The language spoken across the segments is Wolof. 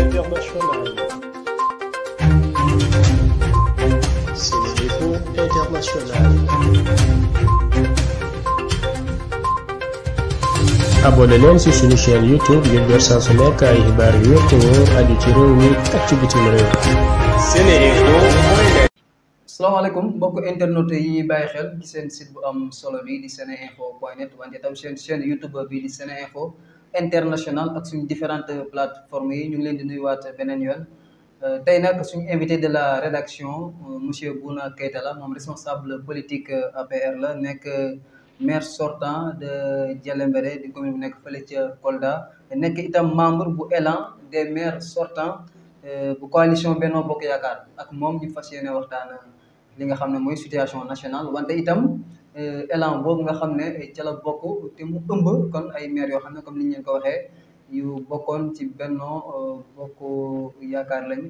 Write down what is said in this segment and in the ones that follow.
internationale. C'est l'info internationale. abonné leen ci suñu chaîne YouTube ngir jot saa su nekk ay xibaar yu wér te ci réew mi ak ci bitim réew. Seneinfo. salaamaaleykum mbokk internet yi bàyyi xel seen site bu am solo bi di Seneinfo point net wante tam seen chaîne international ak suñu différentes plateformes yi ñu ngi leen di nuyuwaat beneen yoon euh, tey nag suñu invité de la rédaction euh, monsieur Bouna Keita la moom responsable politique euh, APR la nekk maire sortant de Dialembéré di commune bu nekk fële ca Kolda nekk itam membre bu Elan des maires sortants bu coalition Benno Bokk Yaakaar ak moom ñu fas yéene waxtaan li nga xam ne mooy situation nationale wante itam. Euh, élan boobu nga xam ne euh, ca bokk te mu ëmb kon ay mair yoo xam ne comme ni ñu leen ko waxee yu bokkoon ci Benno euh, Bokk Yaakaar lañ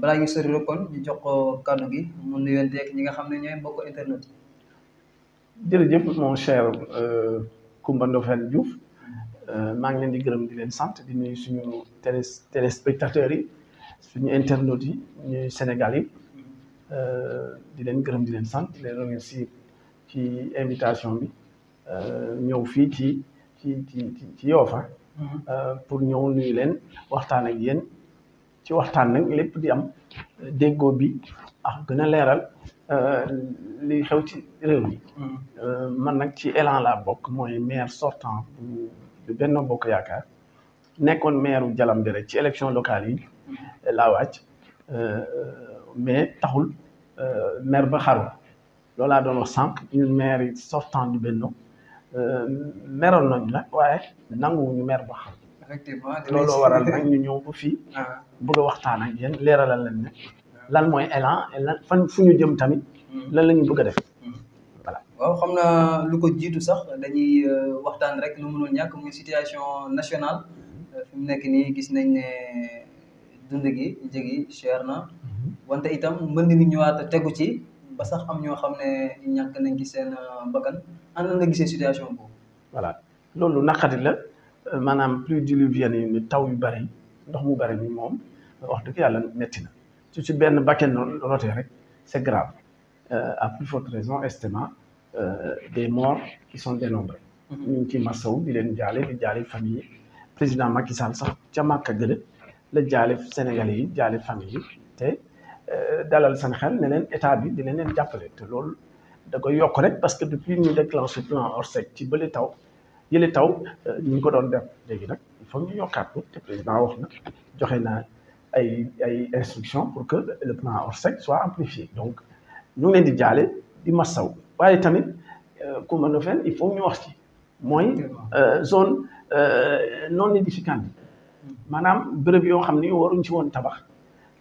balaa ñu sori rek kon ñu jox ko kàddu gi mu nuyoonteeg ñi nga xam ne ñooy bokk internet yi. jërëjëf mon cher Koumba Ndofène Diouf maa ngi leen di gërëm di leen sant di nuyu suñu télé téléspectateurs yi suñu internautes yi ñuy Sénégal yi di leen gërëm di leen sant di remercier. ci invitation bi euh, ñëw fii ci ci ci ci ah. mhm. euh, pour ñëw nuyu leen waxtaan ak yéen ci waxtaan nag lépp di am déggoo bi a gën a leeral euh, li xew ci réew mi. Mhm. man nag ci Elan laa bokk mooy maire sortant bu Benno Bokk Yaakaar nekkoon maire bu Jalam bi rek ci élection locale yi mhm. laa wàcc mais taxul maire ba xaru loolu laa doon wax sànq ñun maire yi sortant du Benno euh, meroon nañu nag waaye nanguwuñu maire ba xam. loolu waral nag ñu ñëw ba fii. Ah. bëgg a waxtaan ak yéen leeralal leen ah. lan mooy élan fan fu ñu jëm tamit. Hmm. lan la ñu bëgg a def. Hmm. waaw xam naa lu ko jiitu sax dañuy euh, waxtaan rek lu mënul ñàkk muy situation national hmm. euh, fi nekk nii gis nañ ne dund gi njëg yi na wante itam mbënd mi ñëwaat tegu ci ba sax am ñoo xam ne ñàkk nañ ci seen euh, bakkan an na nga gisee situation boobu. voilà loolu naqari la euh, maanaam pluie diluvienne yi taw yu bari ndox mu bari mi moom wax dëgg yàlla metti na si benn benn bakkan rotee rek c'est grave euh, à plus forte raison estimant des morts qui sont dénombrés. Mhm. ñu ngi ci massaw bi leen jaalee di jaale famille président Macky Sall sax ca Màkka gële la jaale Sénégalais yi jaale famille yi Euh, dalal seen xel ne leen état bi dina leen jàppale te lool da koy yokk rek parce que depuis ñu déclenché plan Orsec ci bële taw yële taw euh, ñu ngi ko doon def léegi nag il faut ñu yokkaat ko te président wax na joxe naa ay ay instructions pour que le plan Orsec soit amplifié donc ñu ngi leen di jaale di massaw waaye tamit euh, ku mën a fen il faut ñu wax ci mooy zone non édificante maanaam béréb yoo xam ni waruñ ci woon tabax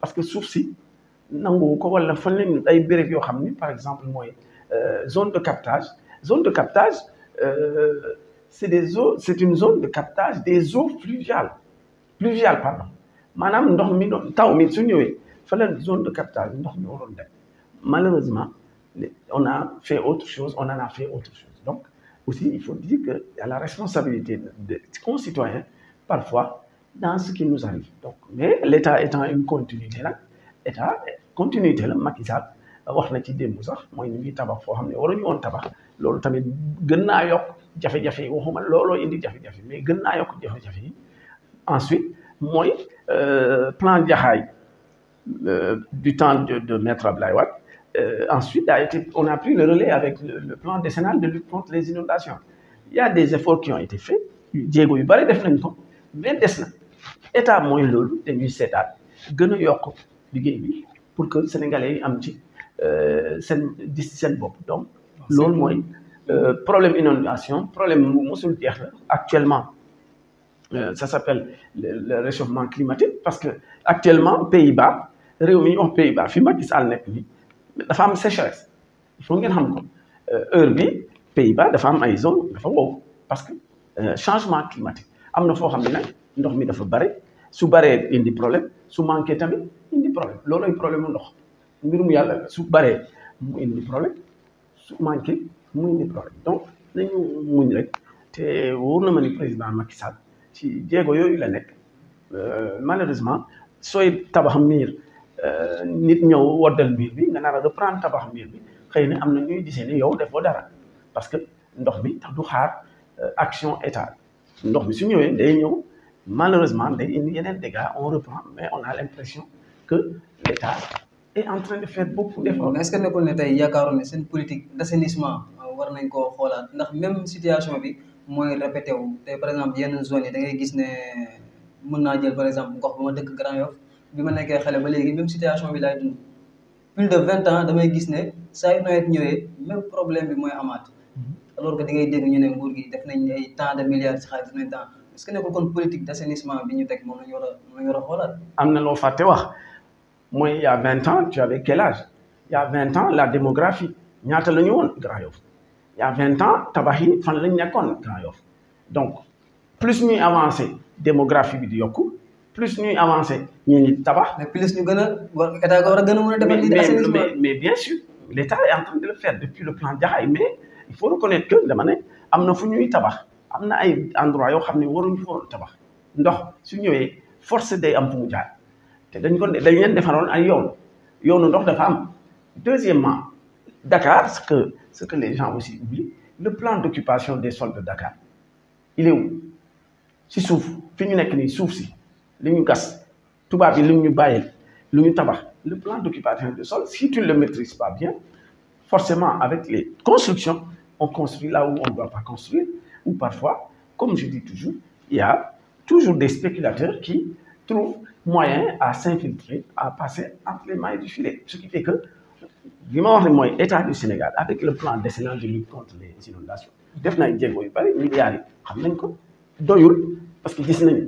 parce que suuf si nanguwu ko wala fan lañu ay béréb yoo xam ni par exemple mooy euh, zone de captage zone de captage euh, c'est des eaux c'est une zone de captage des eaux fluviales pluviales pardon maanaam ndox mi doon taw mi su ñëwee fa la zone de captage ndox mi waroon dem malheureusement on a fait autre chose on en a fait autre chose donc aussi il faut dire que y a la responsabilité des concitoyens parfois dans ce qui nous arrive donc mais l'État étant une continuité là état continuité la Macky Sall wax na ci démb sax mooy ñu ngi tabax foo xam ne ñu woon tabax loolu tamit gën naa yokk jafe-jafe yi waxuma looloo indi jafe-jafe mais gën naa jafe-jafe yi ensuite mooy euh, plan Jaxaay euh, du temps de maître Abdoulaye Wade euh, ensuite a été on a pris le relais avec le plan décennal de lutte contre les inondations il des efforts qui ont été faits jéego yu bari def nañ ko mais des na état mooy loolu dañuy seetaat gën a yokk liggéey bi pour que sénégalais yi am ci euh, seen gis seen bopp donc ah, loolu mooy euh, problème inondation problème mu jeex la actuellement euh, ça s'appelle le réchauffement climatique parce que actuellement pays ba réew mi ñu wax Pays-Bas fi ma gis àll nekk bi dafa am sécheresse foo ngeen xam ko heure bi Pays-Bas dafa am ay zone dafa wow parce que changement climatique am na foo xam ne nag ndox mi dafa bare su baree indi problème su manqué tamit indi problème loolooy problème mu ndox mbirum yàlla su baree mu indi problème su manqué mu indi problème donc nañu muñ rek te wóor na ma ni président Macky Sall ci jéego yooyu la nekk euh, malheureusement sooy tabax miir euh, nit ñëw woddal miir bi nga nar a reprendre tabax miir bi xëy na am na ñuy gisee ni yow defoo dara parce que ndox bi tax du xaar euh, action état ndox bi su ñëwee day ñëw. malheureusement day indi yeneen dégâts on reprend mais on a l'impression que l'État est en train de faire beaucoup d'efforts. est-ce que nekkul ne tey yaakaaroon ne seen politique d'assainissement euh, war nañ koo xoolaat ndax même situation bi mooy répété wu tey par exemple yenn zones yi da ngay gis ne mën naa jël par exemple gox ba ma dëkk Grand Yoff bi ma nekkee xale ba léegi même situation bi laay dund plus de vingt ans damay gis ne saa yu nawet ñëwee même problème bi mooy amaat mm-hmm. alors da ngay dégg ñu ne nguur gi def nañ ay temps de milliards ci xaalis nañ temps est-ce que nekkul kon politique d'assainissement ñu teg moom am na loo fàtte wax mooy il y a vingt ans tu avais quel âge il vingt ans la démographie ñaata la ñu woon Grand Yoff il vingt ans tabax yi fan lañ nekkoon Grand Yoff donc plus ñuy avancer démographie bi di yokku plus ñuy avancer ñu ngi tabax. mais plus ñu gën a war état war gën a mën a mais mais bien sûr l'État est de le faire depuis le plan Jaxaay mais il faut reconnaître que dama ne am na fu ñuy tabax. am na ay endroit yoo xam ne waruñu foon tabax ndox su ñëwee force day am fu jaar te dañ ko dañ leen defaroon ay yoon yoonu ndox dafa am deuxièmement Dakar ce que les gens aussi oublient le plan d'occupation des sols de Dakar il est où si suuf fi ñu nekk nii suuf si li ñu gas tubaab yi li ñu bàyyil lu ñu tabax le plan d'occupation des sols si le maîtrises pas bien forcément avec les constructions on construit là où on doit pas construire ou parfois, comme je dis toujours, il y a toujours des spéculateurs qui trouvent moyen à s'infiltrer, à passer entre les mailles du filet. Ce qui fait que, li ma wax ne mooy état du Sénégal avec le plan décennal de lutte contre les inondations def na ay jéego bari milliards xam nañ ko doyul parce que gis nañu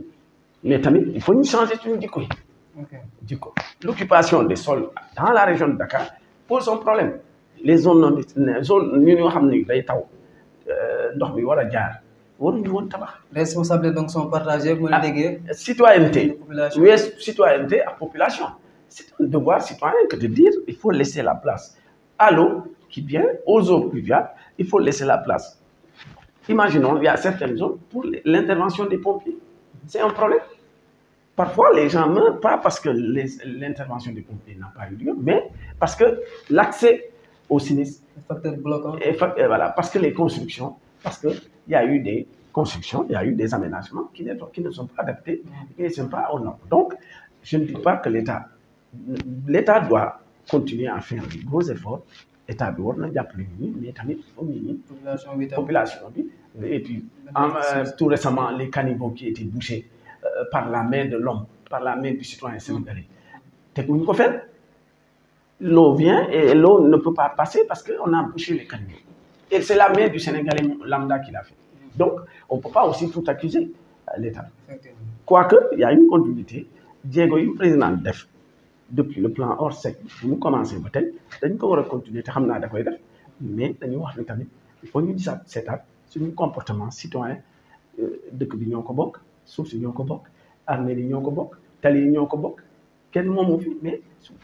mais tamit il faut ñu changer suñu jikko yi. jikko l'occupation des sols dans la région de Dakar pose un problème les zones non les zones ñun ñoo xam ne day taw. ndox bi war a jaar waruñu woon tabax. responsabilités donc sont partagées. bu la ah, déggee citoyenneté wees citoyenneté ak population. c'est un devoir citoyen que de dire il faut laisser la place à l'eau qui vient aux eaux pluviales il faut laisser la place. Imaginons, il y a certaines zones pour l'intervention des pompiers. C'est un problème. Parfois, les gens meurent, pas parce que l'intervention des pompiers n'a pas eu mais parce que l'accès aux sinistres facteur bloquant. Et, euh, voilà, parce que les constructions, parce qu'il y a eu des constructions, il y a eu des aménagements qui ne, sont pas adaptés, qui mm. ne pas aux normes. Donc, je ne dis pas que l'État, l'État doit continuer à faire des gros efforts. état bi war na jàppale nit ñi mais tamit foofu nit ñi population bi et puis en, euh, tout récemment les caniveaux qui étaient bouchés euh, par la main de l'homme par la main du citoyen sénégalais te ku ñu l'eau vient et l'eau ne peut pas passer parce qu'on a bouché les canaux. Et c'est la main du Sénégalais lambda qui l'a fait. Donc, on ne peut pas aussi tout accuser euh, l'État. Quoique, il y a une continuité. Diego, une présidente DEF, depuis le plan hors sec, nous commençons peut-être, nous avons continué, mais nous avons fait il faut nous dire c'est un comportement citoyen euh, dëkk bi ñoo ko bokk suuf si ñoo ko bokk armée yi ñoo ko bokk tali yi ñoo ko bokk kenn moomu fi mais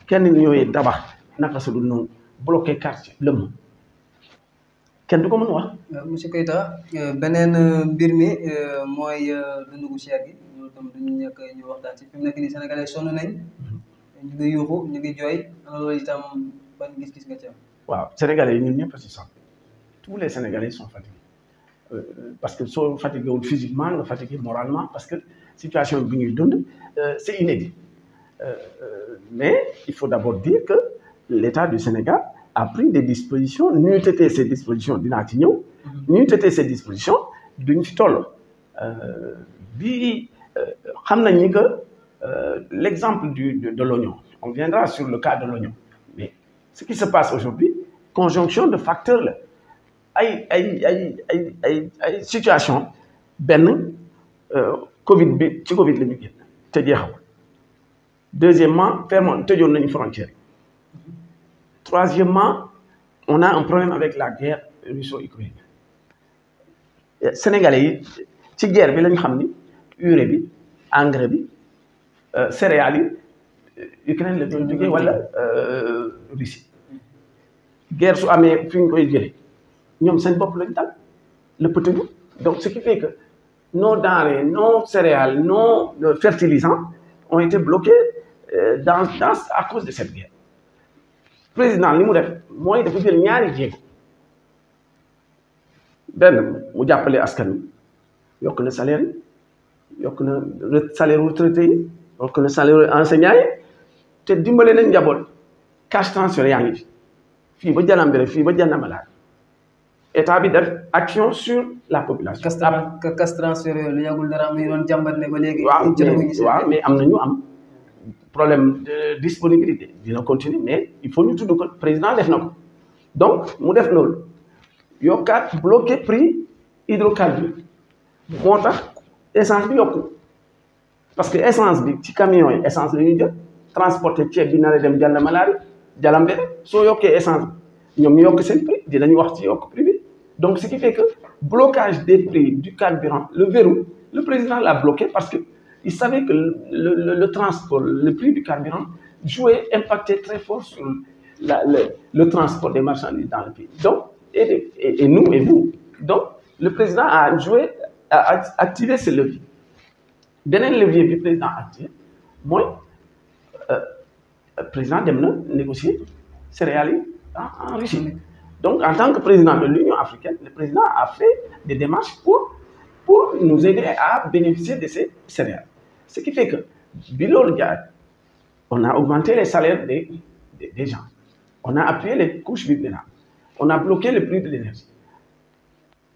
kenn ñooy tabax naka su dul noonu bloqué quartier lëmm kenn du ko mën wax. Euh, monsieur Keita euh, beneen euh, mbir mi mooy dundu gu cher gi loolu tam duñu nekk ñu waxtaan ci mu nekk nii sénégalais sonn nañ mm-hmm. ñu ngi yuuxu ñu ngi jooy loolu itam ban gis-gis nga ci am. waaw sénégalais yi ñun ñëpp a si tous les sénégalais sont fatigués parce que soo fatigué wul physiquement nga fatigué moralement parce que situation bi ñuy dund c'est inédit mais il faut d'abord dire que. l'État du Sénégal a pris des dispositions ñuy tëtee ces dispositions dinaa ci ñëw ñuy tëtee ces dispositions duñ ci toll euh, bi euh, xam nañ ni que euh, l'exemple du de, de l'oignon on viendra sur le cas de l'oignon mais ce qui se passe aujourd'hui conjonction de facteurs la ay ay ay ay ay ay situation benn Covid bi ci Covid la ñu génn te jeexawul deuxièmement fermoon tëjoon nañu frontière Troisièmement, on a un problème avec la guerre russo-ukrainienne. Sénégalais yi ci guerre bi lañ xam ni urée bi engrais bi euh, céréales yi Ukraine la doon jógee wala euh, Russie guerre su amee fi ñu koy jëlee ñoom seen bopp lañ tal le petit donc ce qui fait que non denrées nos céréales nos fertilisants ont été bloqués euh, dans dans à cause de cette guerre. président ni mu def mooy dafa jël ñaari jéego benn mu jàppale askan wi yokk na salaire yokk na salaire retraité yi yokk na salaire enseignant yi te dimbale nañ njaboot cash transfert yaa ngi fi fii ba Janambére fi ba Janamalaay état bi def action sur la population. cash transfert yooyu lu yàggul dara am na ñu doon jàmbat ne ba waaw mais am na ñu am. problème de disponibilité dina continuer mais il faut ñu tudd ko président def na ko donc mu def loolu yokkaat bloqué prix hydrocarbure moo tax essence bi yokk parce que essence bi ci camion yi essence la ñuy jël transporter ceeb bi nara dem jàll malaari jalam benn soo yokkee essence bi ñoom ñu yokk seen prix dinañu wax ci yokk prix bi donc ce qui fait que blocage des prix du carburant le verrou le président l'a bloqué parce que ils savaient que le, le, le, transport, le prix du carburant jouait, impactait très fort sur la, le, le, transport des marchandises dans le pays. et, nous et vous. le président a joué, a activé ce levier. Beneen levier bi président activé mooy euh, président dem na négocier céréales yi en Russie donc en tant que président de l'Union africaine le président a fait des démarches pour pour nous aider à bénéficier de ces céréales Ce qui fait que, Bilol on a augmenté les salaires des, des, des, gens. On a appuyé les couches vulnérables. On a bloqué le prix de l'énergie.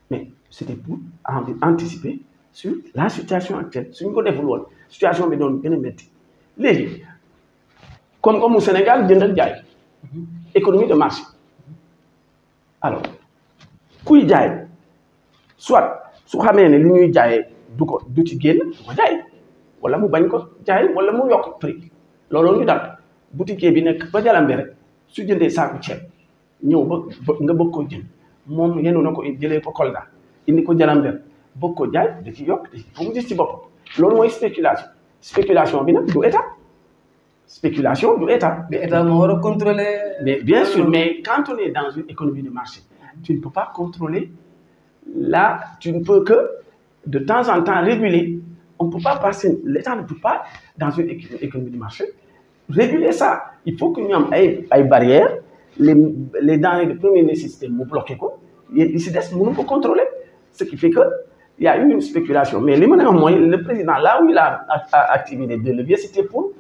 Mais c'était pour anticiper sur la situation actuelle. Si nous développons la situation, mais donc, bien Légui, comme, comme au Sénégal, Djendal Djaï, économie de marché. Alors, Kouy Djaï, soit, si vous avez une ligne Djaï, du coup, du coup, wala mu bañ ko jaay wala mu yokk prix looloo ñu dal boutiquier bi nag ba jalambe rek su jëndee saaku ceeb ñëw ba nga bëgg koo jënd moom yenu na ko jëlee ko Kolda indi ko jalambe bëgg ko jaay da ci yokk ba mu gis ci bopp loolu mooy spéculation spéculation bi nag du état spéculation du état. mais état moo war a contrôler. mais bien sûr mais quand dans une économie de marché tu ne peux pas contrôler là tu ne peux de temps en temps réguler. On ne peut pas passer, l'État ne peut pas, dans une économie de marché, réguler ça. Il faut que nous ayons des barrières, les, les denrées de première nécessité nous bloquent. Et si nous ne pouvons contrôler. Ce qui fait que il y a une spéculation. Mais les moyens, le président, là où il a activé les deux leviers, c'était pour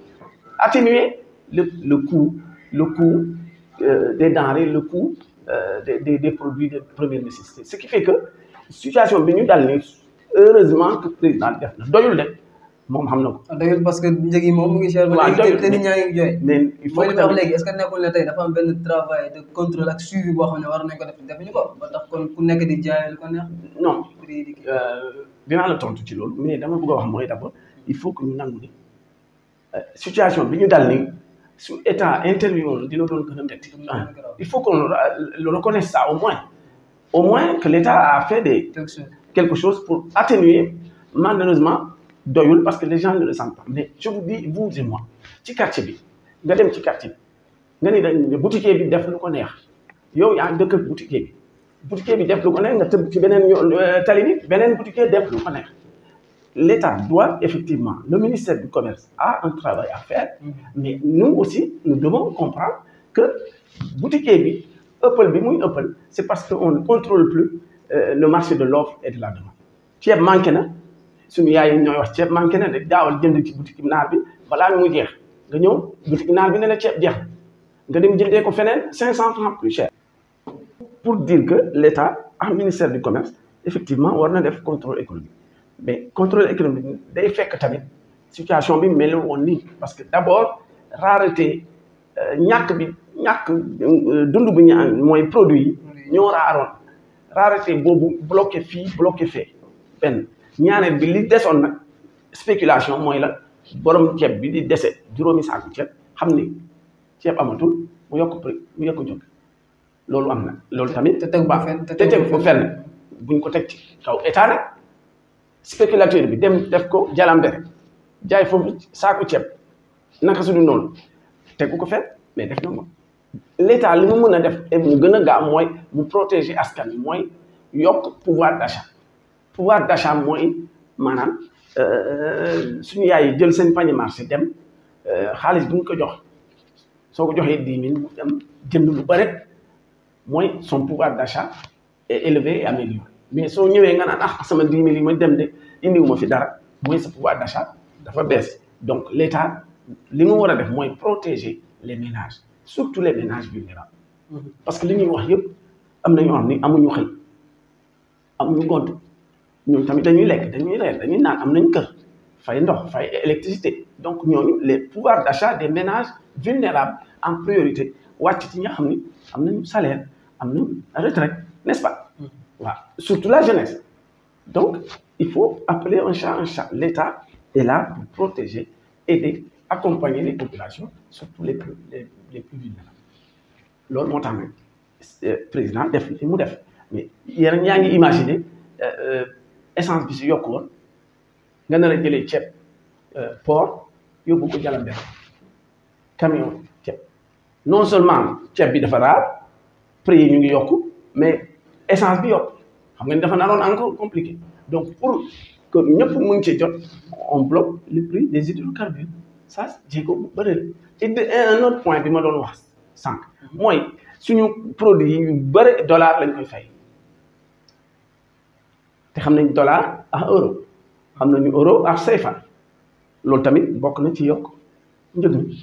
atténuer le, le le coût euh, des denrées, le coût euh, des, des, des, produits de première nécessité. Ce qui fait que situation venue dans les heureusement que président def de moom xam na ko. Ah, doyul parce que njëg yi moom mu ngi cher. waaw doyul te nit ñaa ngi jooy. mais il faut que tamit léegi dafa am benn travail de contrôle ak suivi boo xam ne war nañ ko def defuñu ko ba kon ku nekk di jaay lu ko neex. non euh, dinaa la tontu ci lool mais dama bëgg a wax mooy d'abord il faut que ñu nangu ni euh, situation bi ñu dal nii su état interview woon dina doon gën a métti. Ah. il faut qu'on le reconnaisse ça au moins au moins que l'état a fait des. quelque chose pour atténuer malheureusement doyul parce que les gens ne le sentent pas mais je vous dis vous et moi ci quartier bi nga dem ci quartier bi nga ni dañ boutiquier bi def lu ko neex yow yaa dëkk ak bi boutiquier bi def lu ko neex nga te ci beneen euh, tali bi beneen boutiquier def lu ko neex l'État doit effectivement le ministère du commerce a un travail à faire mais nous aussi nous devons comprendre que boutiquier bi ëppal bi muy ëppal c'est parce que on ne Euh, le marché de l'offre et la demande ceeb manqué na suñu yaay yi ñooy wax ceeb manqué na rek daawal jënd ci boutique naar bi balaa mu jeex nga ñëw boutique naar bi ne la ceeb jeex nga dem jëndee ko feneen cinq cent francs plus cher pour dire que l'État ak ministère du commerce effectivement war na def contrôle économique mais contrôle économique day fekk tamit situation bi mel woon nii parce que d'abord rareté euh, ñàkk bi ñàkk euh, dund bu ñu mooy produit yi ñoo raaroon rareté boobu bloqué fii bloqué fee benn ñaareel bi li desoon na spéculation mooy la borom ceeb bi di dese juróomi saaku ceeb xam ni ceeb amatul mu yokk prix mu yokk jóg loolu am na loolu tamit te tegu ba fenn te tegu ko fenn buñ ko teg ci kaw état nag spéculateur bi dem def ko jalambere jaay foofu saaku ceeb naka su dul noonu tegu ko fenn mais def na moom l'état li mu mën a def mu gën a gaaw mooy mu protéger askan wi mooy yokk pouvoir d'achat pouvoir d'achat mooy maanaam euh, euh, suñu yaay yi jël seen panier marché dem euh, xaalis bi ñu ko jox soo ko joxee dix mu dem jënd lu bare mooy son pouvoir d'achat est élevé et amélioré mais soo ñëwee nga naan ah, sama dix mille ma dem de indiwuma fi dara mooy sa pouvoir d'achat dafa baisse donc l'état li mu war a def mooy protéger les ménages surtout les ménages vulnérables mmh. parce que li ñuy wax yëpp am na ñoo xam ni amuñu xëy amuñu gont ñoom tamit dañuy lekk dañuy reer dañuy naan am nañ kër fay ndox fay électricité donc ñooñu les pouvoirs d'achat des ménages vulnérables en priorité wàcc ci ñi nga xam ni am nañu salaire am nañu retraite n'est-ce pas waaw mmh. surtout la jeunesse donc il faut appeler un chat un chat l'État est la pour protéger aider accompagner les populations surtout le plus les les plus vulnérables loolu moo tax nag euh, président def li mu def mais yéen ñaa ngi imaginer euh, euh, essence bi si yokku woon nga nar a jëlee ceeb port yóbbu ko Jalambeer camion ceeb non seulement ceeb bi dafa raar prix yi ñu ngi yokk mais essence bi yokk xam nga ni dafa naroon encore compliqué donc pour que ñëpp mën cee jot on bloque le prix des hydrocarbures ça ji ko bu bëri la un autre point bi ma doon wax sànq mhm. mooy suñu produit yi yu bëri dollar lañ koy fay te xam nañ dollar ak euro xam nañu euro ak fan loolu tamit bokk nañ ci yokk njëg mi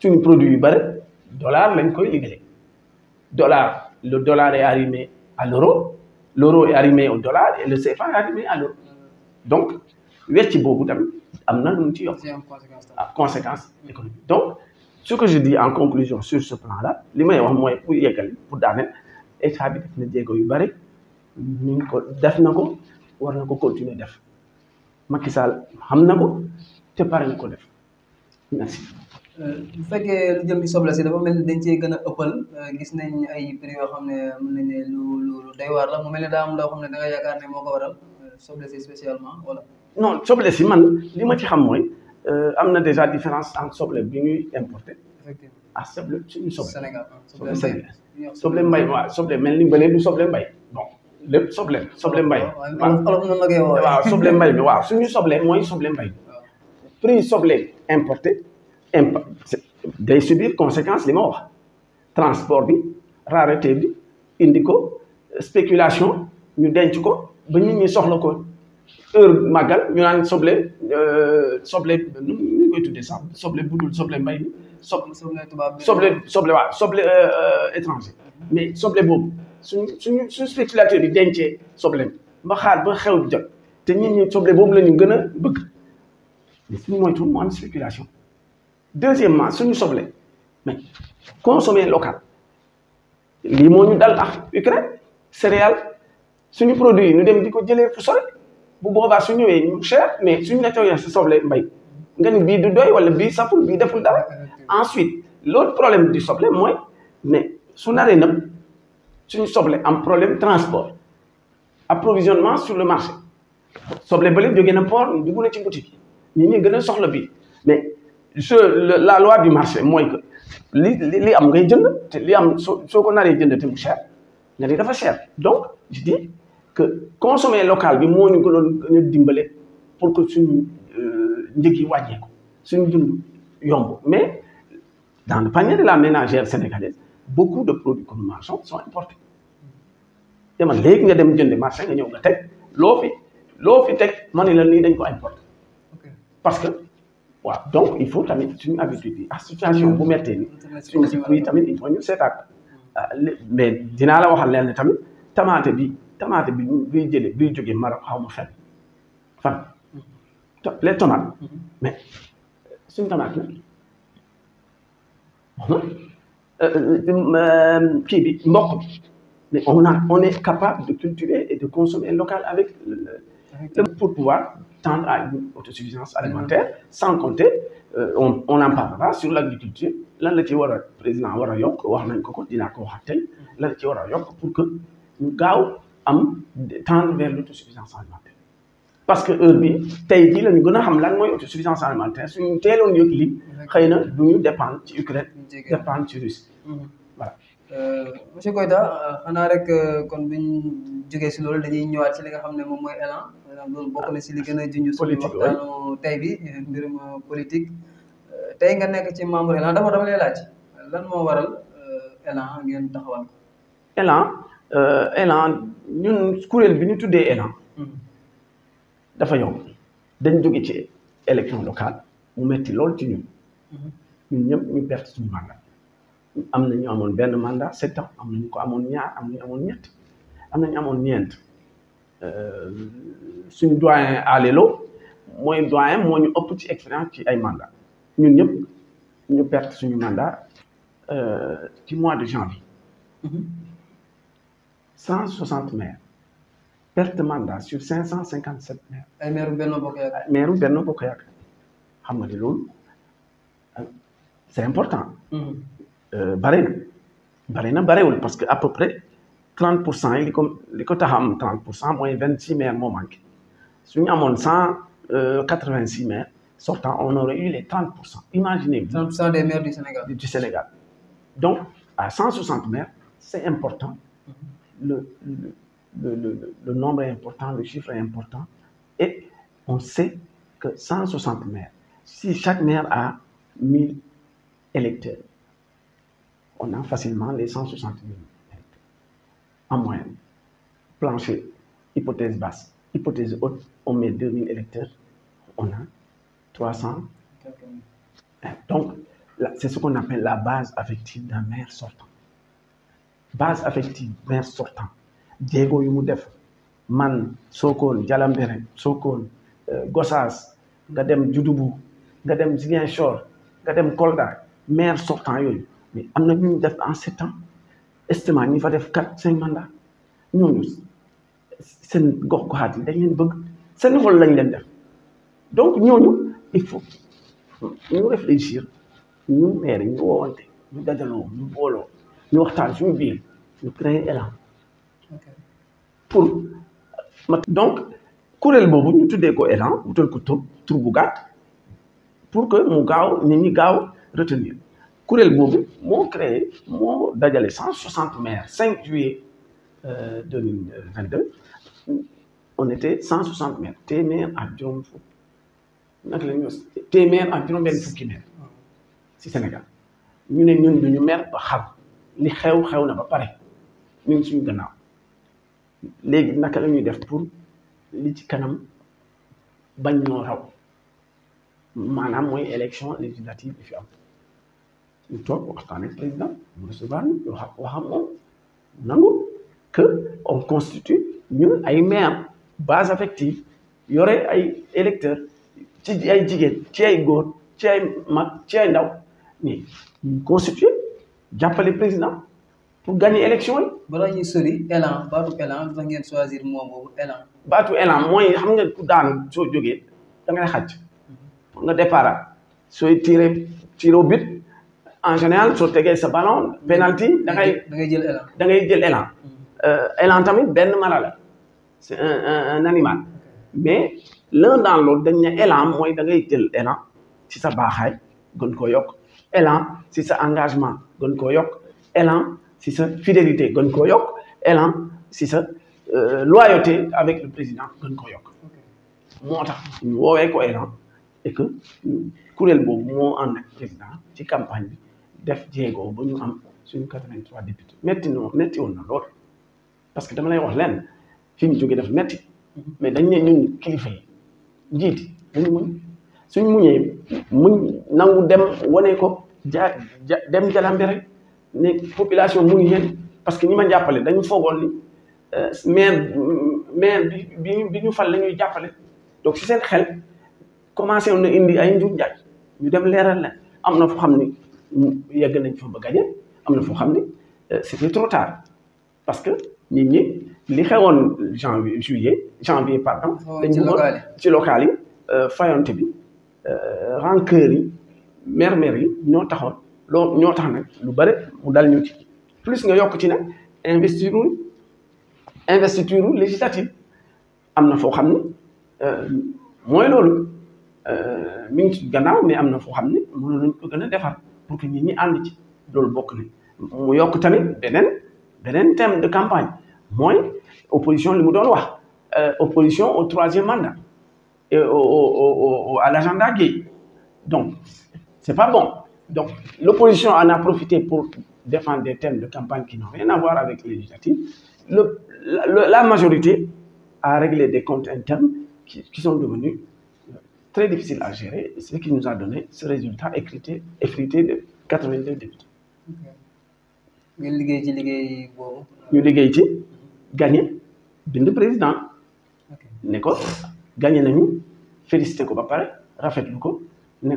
suñu produit yu bëri dollar lañ koy liggéey dollar le dollar est arrimé à l'euro l'euro est arrimé a dollar et le CFA est arrimé à l'euro mhm. donc wecc boobu tamit am na lu mu ci yokk ah conséquence économique donc ce que je dis en conclusion sur ce plan là li may wax mooy pour yeggali pour daaneel état bi def na jéego yu bari ñu ko def na ko war na ko continuer def Macky Sall xam na ko te pare na ko def merci. Euh, bu fekkee lu jëm ci soble si dafa mel ni dañ cee gën a ëppal euh, gis nañ ay prix yoo xam ne mën mel ne daa am ne da nga ne moo ko waral euh, soble si spécialement wala. non soble si man li ma ci xam mooy euh, am na déjà différence entre soble bi ñuy importé a soble suñu soble soble Sénégal soble mbay waaw soble mel ni bële du soble mbay bon lépp soble soble oh, mbay waaw soble mbay bi waaw suñu soble mooy soble mbay prix soble importé imp day subir conséquence li ma wax transport bi rareté bi indi ko spéculation ñu denc ko ba ñi soxla ko heure màggal ñu naan soble euh, soble nu ñu koy tuddee sax soble bu dul soble mbay mi soble soble soble waaw soble euh, euh, étranger mais soble boobu suñu suñu suñu spéculateur bi dencee soble ba xaar ba xew jot te ñit ñi soble boobu la ñu gën a bëgg mais suñu moytu mu am spéculation deuxièmement suñu soble mais consommer local lii moo ñu dal ak Ukraine céréales suñu produit yi ñu dem di ko jëlee fu sore bu boobaa su ñëwee cher mais suñu la cooyee si soble mbay nga ni bii du doy wala bii saful bii deful dara ensuite loolu problème du soble mooy mais su naree nag suñu soble am problème transport approvisionnement sur le marché soble bële jógee na port dugg na ci boutique ñi ñi gën a soxla bii mais je la marché mooy li li am ngay jënd te li am soo soo naree jënd te mu cher nga ni dafa cher donc je dis que consommer local bi moo ñu ko doon ñu dimbale pour que suñu euh, njëg yi wàññeeku suñu dund yomb mais dans le panier de la ménagère sénégalaise beaucoup de produits comme marchands sont importés demal léegi nga dem jëndi marché nga ñëw nga teg loo fi teg ma ne la nii dañ ko importé parce que waaw donc il faut tamit suñu habitude yi association bu mettee ni suñu si yi tamit il faut ñu seetaat ah, mais dinaa la waxal leen ne tamit tamaate bi tamaate bi buy jëlee buy jógee xaw ma fen fan les tomates mm-hmm. mais suñu tomate nag euh, euh, kii bi mboq bi mais on a on est capable de cultiver et de consommer local avec le pour pouvoir tendre à une autosuffisance alimentaire sans compter euh, on on en parlera sur l'agriculture lan la ci war a président war a yokk wax nañ ko ko dinaa ko waxaat tey lan la ci war a yokk pour que ñu gaaw am tendre vers l'autosuffisance alimentaire parce que heure bi tey jii la gën a xam lan mooy autosuffisance alimentaire suñu teeloon yëg lii xëy na du ñu dépendre ci Ukraine dépendre ci Russie mm-hmm. voilà euh, monsieur Koita euh, xanaa rek euh, kon bi ñu jógee si loolu dañuy ñëwaat si li xam ne moom mooy élan loolu bokk na si li gën a junj suñu waxtaanu tey bi mbirum politique tey nga nekk ci membre élan dafa dama lay laaj lan moo waral élan ngeen taxawal ko ñun kuréel bi ñu tuddee ENA hmm. dafa yomb dañ jóge ci élection locale mu metti lool ci ñun hmm. ñun ñëpp ñu perte suñu mandat am na ñu amoon benn mandat sept ans am na ñu ko amoon ñaar am na ñu amoon ñett am na amoon ñeent euh, suñu doyen alelo mooy doyen moo ñu ëpp ci expérience ci ay mandat ñun ñëpp ñu perte suñu mandat euh, ci mois de janvier hmm. cent soixante maires perte mandat sur cinq cent cinquante sept maires. ay maires yu Benno Bokk xam nga ni loolu ah, c'est important. Mm-hmm. Euh, bare na bare wul barewul parce que à peu près trente pour cent li ko li ko tax am trente pour cent mooy vingt six maires moo manqué suñu amoon cent euh, quatre vingt six maires sortant on aurait eu les trente pour cent imaginez. trente pour cent du Sénégal. du Sénégal donc à cent soixante c'est important. le, le, le, le, nombre est important, le chiffre est important, et on sait que 160 si chaque maire a 1000 électeurs, on a facilement les 160 000 électeurs, en moyenne. Plancher, hypothèse basse, hypothèse haute, on met 2000 électeurs, on a Donc, c'est ce qu'on appelle la base affective d'un maire sortant. base affective bien sortant jéego yu mu def man Sokone Jalambere Sokone euh, gosaas nga dem Judubu nga dem Ziguinchor nga dem Kolda maire sortant yooyu mais am na ñu def en sept ans estimant ñi fa def quatre cinq mandats ñooñu seen gox goxaat yi dañ leen bëgg seen vol lañ leen def donc ñooñu il faut ñu réfléchir ñu maire ñu woowante ñu dajaloo ñu booloo ñu waxtaan suñu biir ñu créer élan pour donc kuréel boobu ñu tuddee ko élan wutal ko tur tur bu gàtt pour que mu gaaw nit ñi gaaw retenir kuréel boobu moo créer moo dajale cent soixante maires cinq juillet euh, deux mille vingt deux on était cent soixante maires téeméer ak juróom fukk naka la ñu téeméer ak juróom benn fukki maire ah. si Sénégal ñu ne ñun duñu maire ba li xew xew na ba pare mi ngi suñu gannaaw léegi naka la ñuy def pour li ci kanam bañ ñoo raw maanaam mooy élection législative bi fi am ñu toog waxtaan ak président mu recevoir ñu wax wax ak moom nangu que on constitue ñun ay maire base affective yore ay électeurs ci ay jigéen ci ay góor ci ay mag ci ay ndaw mais ñu jàppale président pour gagner élection yi. balaa ñuy sori élan baatu élan ngeen choisir moom baatu élan mooy xam nga ku daan soo jógee da ngay xàcc mhm. nga départ sooy tiré tiré en général soo tegee sa ballon penalty da ngay. da ngay jël élan da ngay jël élan. Mhm. Euh, élan tamit benn mala la c'est un un animal mais l'un dans l'autre dañ ne élan mooy da ngay jël élan ci sa baaxaay gën ko yokk élan si sa engagement. gën koo yokk élan si sa fidélité gën koo yokk élan si sa euh, loyauté avec le président gën koo yokk moo tax ñu woowee ko élan et que kuréel boobu moo ànd ak président ci campagne bi def jéego ba ñu am suñu 83 députés métti na métti woon na lool parce que dama lay wax lenn fi mu jógee daf métti mais dañ ne ñun kilifa yi njiit yi dañu muñ suñ muñee muñ nangu dem wane ko ja dem Jalambi rek ne population mu ngi yéen parce que ñi ma jàppale dañu foogoon ni euh, maire maire bi bi bi ñu fal la ñuy jàppale donc si seen xel commencé woon na indi ay njuñ njaaj ñu dem leeral la am na foo xam ni yegg nañ fa ba gagné am na foo xam ni euh, c'était trop tard parce que nit ñi li xewoon janvier juillet janvier pardon oh, dañ ci local yi euh, fayonte bi rancœur yi maire yi ñoo taxoon loo ñoo tax nag lu bare mu dal ñu ci plus nga yokk ci nag investiture investiture législative am na foo xam ne euh, mooy loolu euh, mi ngi ci gannaaw mais am na foo xam ne mënoon nañ gën a defar pour que nit ñi ànd ci loolu bokk na mu yokk tamit beneen beneen thème de campagne mooy opposition li mu doon wax euh, opposition au troisième mandat et au au au à l'agenda gay donc C'est pas bon. Donc, l'opposition en a profité pour défendre des thèmes de campagne qui na rien à avec les Le, la, majorité a réglé des comptes internes qui, qui, sont devenus euh, très difficiles à gérer, ce qui nous a donné ce résultat effrité, de 82 députés. ñu liggéey ci liggéey boobu. ñu liggéey ci gagné bind président ne ko gagné nañu félicité ko ba pare rafetlu ko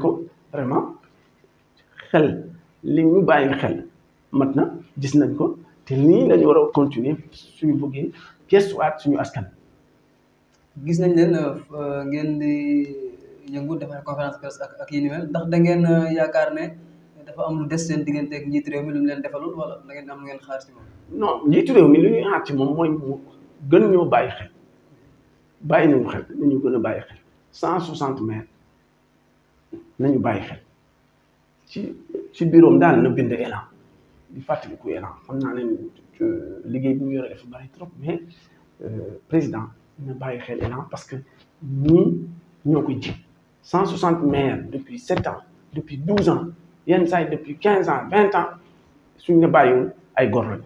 ko vraiment xel li bàyyi xel mat na gis nañ ko te nii lañu war a continuer suñu bëggee gëstuwaat suñu askan. gis nañ leen euh, ngeen di yëngu defal conférence presse ak ak yi ni mel ndax da ngeen euh, yaakaar ne dafa am lu des seen diggante ak njiitu réew mi lu leen defalul da ngeen am ngeen xaar ci moom. non njiitu réew mi li ñuy xaar moom mooy mu gën ñoo bàyyi xel bàyyi nañu xel nañu gën a bàyyi xel cent soixante mètres. nañu bàyyi xel ci ci biiroom daal na bind élan di fàttaliku élan xam naa ne liggéey bi mu yore dafa bari trop mais euh, président na bàyyi xel élan parce que ñii ñoo ko ji cent soixante maires depuis sept ans depuis douze ans yenn saa yi depuis quinze ans vingt ans suñ ne bàyyiwul ay góor lañu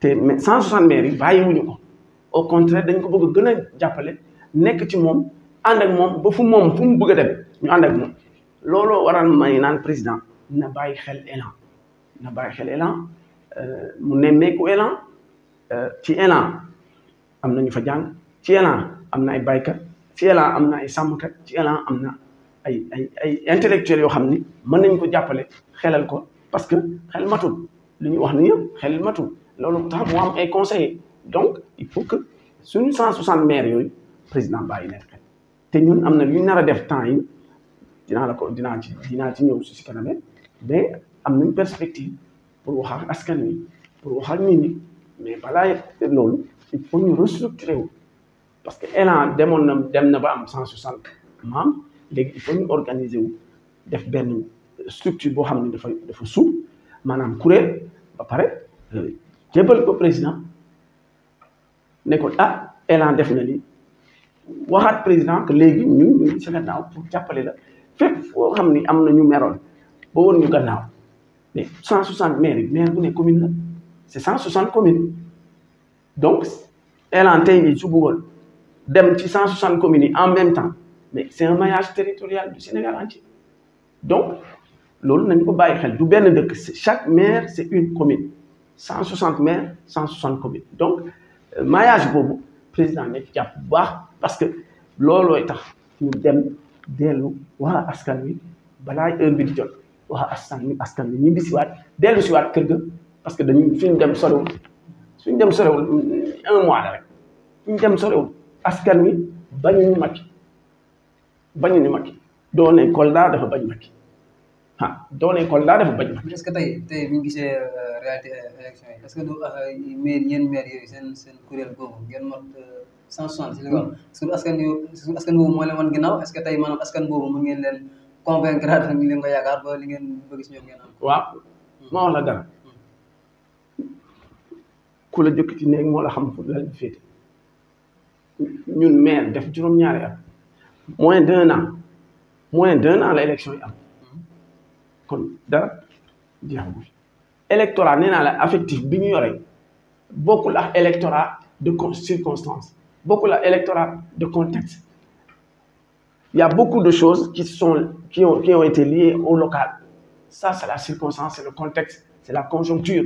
te mais cent soixante maires bàyyiwuñu ko au contraire dañ ko bëgg gën a jàppale nekk ci moom ànd ak moom ba fu moom fu mu bëgg a dem ñu ànd ak moom looloo waral may naan président na bàyyi xel élan na bàyyi xel élan euh, mu nemmeeku élan euh, ci élan am na ñu fa jàng ci élan am na ay baykat ci élan am na ay sàmmkat ci élan am na ay ay ay intellectuels yoo xam ni mën nañ ko jàppale xelal ko parce que xel matul lu ñuy wax ni yëpp xel matul loolu tax mu am ay conseillers donc il faut que suñu 160 maires yooyu président bàyyi leen xel te ñun am na lu ñu nar a def temps yi. dina la ko dinaa ci dinaa ci ñëw si si kanam mais am nañ perspective pour wax ak askan wi pour wax ak nit ñi mais balaa loolu il faut ñu restructurer wu parce que élan demoon na dem na ba am cent soixante maam léegi il faut ñu organiser wu def benn structure boo xam ne dafa dafa suuf maanaam kuréel ba pare euh, jébal ko président ne ko ah élan def na li waxaat président que léegi ñun ñu ngi si gannaaw pour jàppale la fépp foo xam ni am na ñu meroon ba woon ñu gannaaw mais 160 maires bu ne commune la c' est 160 communes donc Elan tey jii su bëggoon dem ci 160 communes yi en même temps mais c' est un maillage territorial du Sénégal entier donc loolu nañ ko bàyyi xel du benn dëkk chaque maire c' est une commune 160 maires 160 communes donc maillage boobu président ne ci jàpp bu baax parce que loolooy tax ñu dem. dellu waa askan wi balaa heure bi di jot wax askan wi askan wi ñibbi si waat dellu si kër ga parce que dañu suñ dem sorewul suñ dem sorewul un mois la rek suñ dem sorewul askan wi bañuñu Macky bañuñu Macky doone Kolda dafa bañ Macky ah doone Kolda dafa bañ Macky. est-ce que tey tey bu ñu gisee euh, réalité euh, élection yi est-ce que du euh, maire yéen maire seen kuréel cent soixante si li nga wax suñu askan yo suñu askan boobu moo leen wan ginnaaw est-ce que ngeen leen convaincre li nga yaakaar ba ngeen bëgg waaw ma la dara ku la jëkk ci néeg moo la xam fu la féete ñun maire def juróom-ñaari at moins d'un an moins la élection yi am kon dara électorat nee naa la affectif bi ñu yore bokkul a électorat de circonstance beaucoup l'électorat de contexte. Il y beaucoup de choses qui, sont, qui, ont, qui ont été liées au local. c'est la circonstance, c'est le contexte, c'est la conjoncture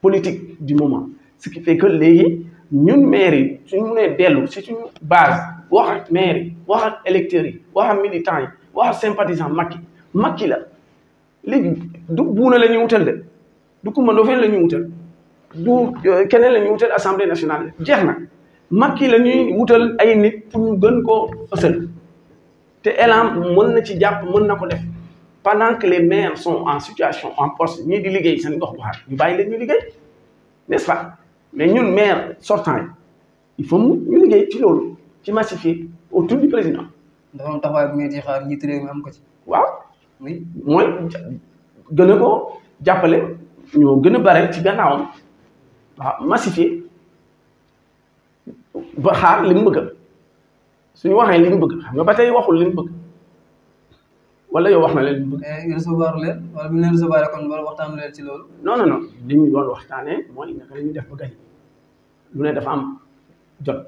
politique du moment. Ce qui fait que les ñun mairie suñ mënee dellu si suñu base wax ak mairie wax ak électeurs yi wax ak militants yi wax ak sympathisants Macky la léegi du buuna la ñuy wutal de du Coumba Ndoffène la ñuy wutal du euh, keneen la ñuy wutal assemblée nationale jeex na Macky la ñuy wutal ay nit pour ñu gën koo fësal te Elan mën na ci jàpp mën na ko def pendant que les maires sont en situation en poste ñii di liggéey seen gox goxaat ñu bàyyi leen ñu liggéey nest pas mais ñun maire sortant yi il faut mu ñu liggéey ci loolu ci massifier autour du président. dafa am taxawaay bu ngeen di xaar njiit réew mi am ko ci. waaw oui mooy gën a ko jàppale ñoo gën a bare ci gannaawam waaw massifier. ba xaar li mu bëgg suñu waxee li bëgg xam nga ba tey waxul lim mu bëgg wala yow wax na leen li bëgg. Eh, recevoir leen wala bu ñu leen waxtaan leen ci loolu. non non non waxtaanee mooy naka la def ba gañ lu ne dafa am jot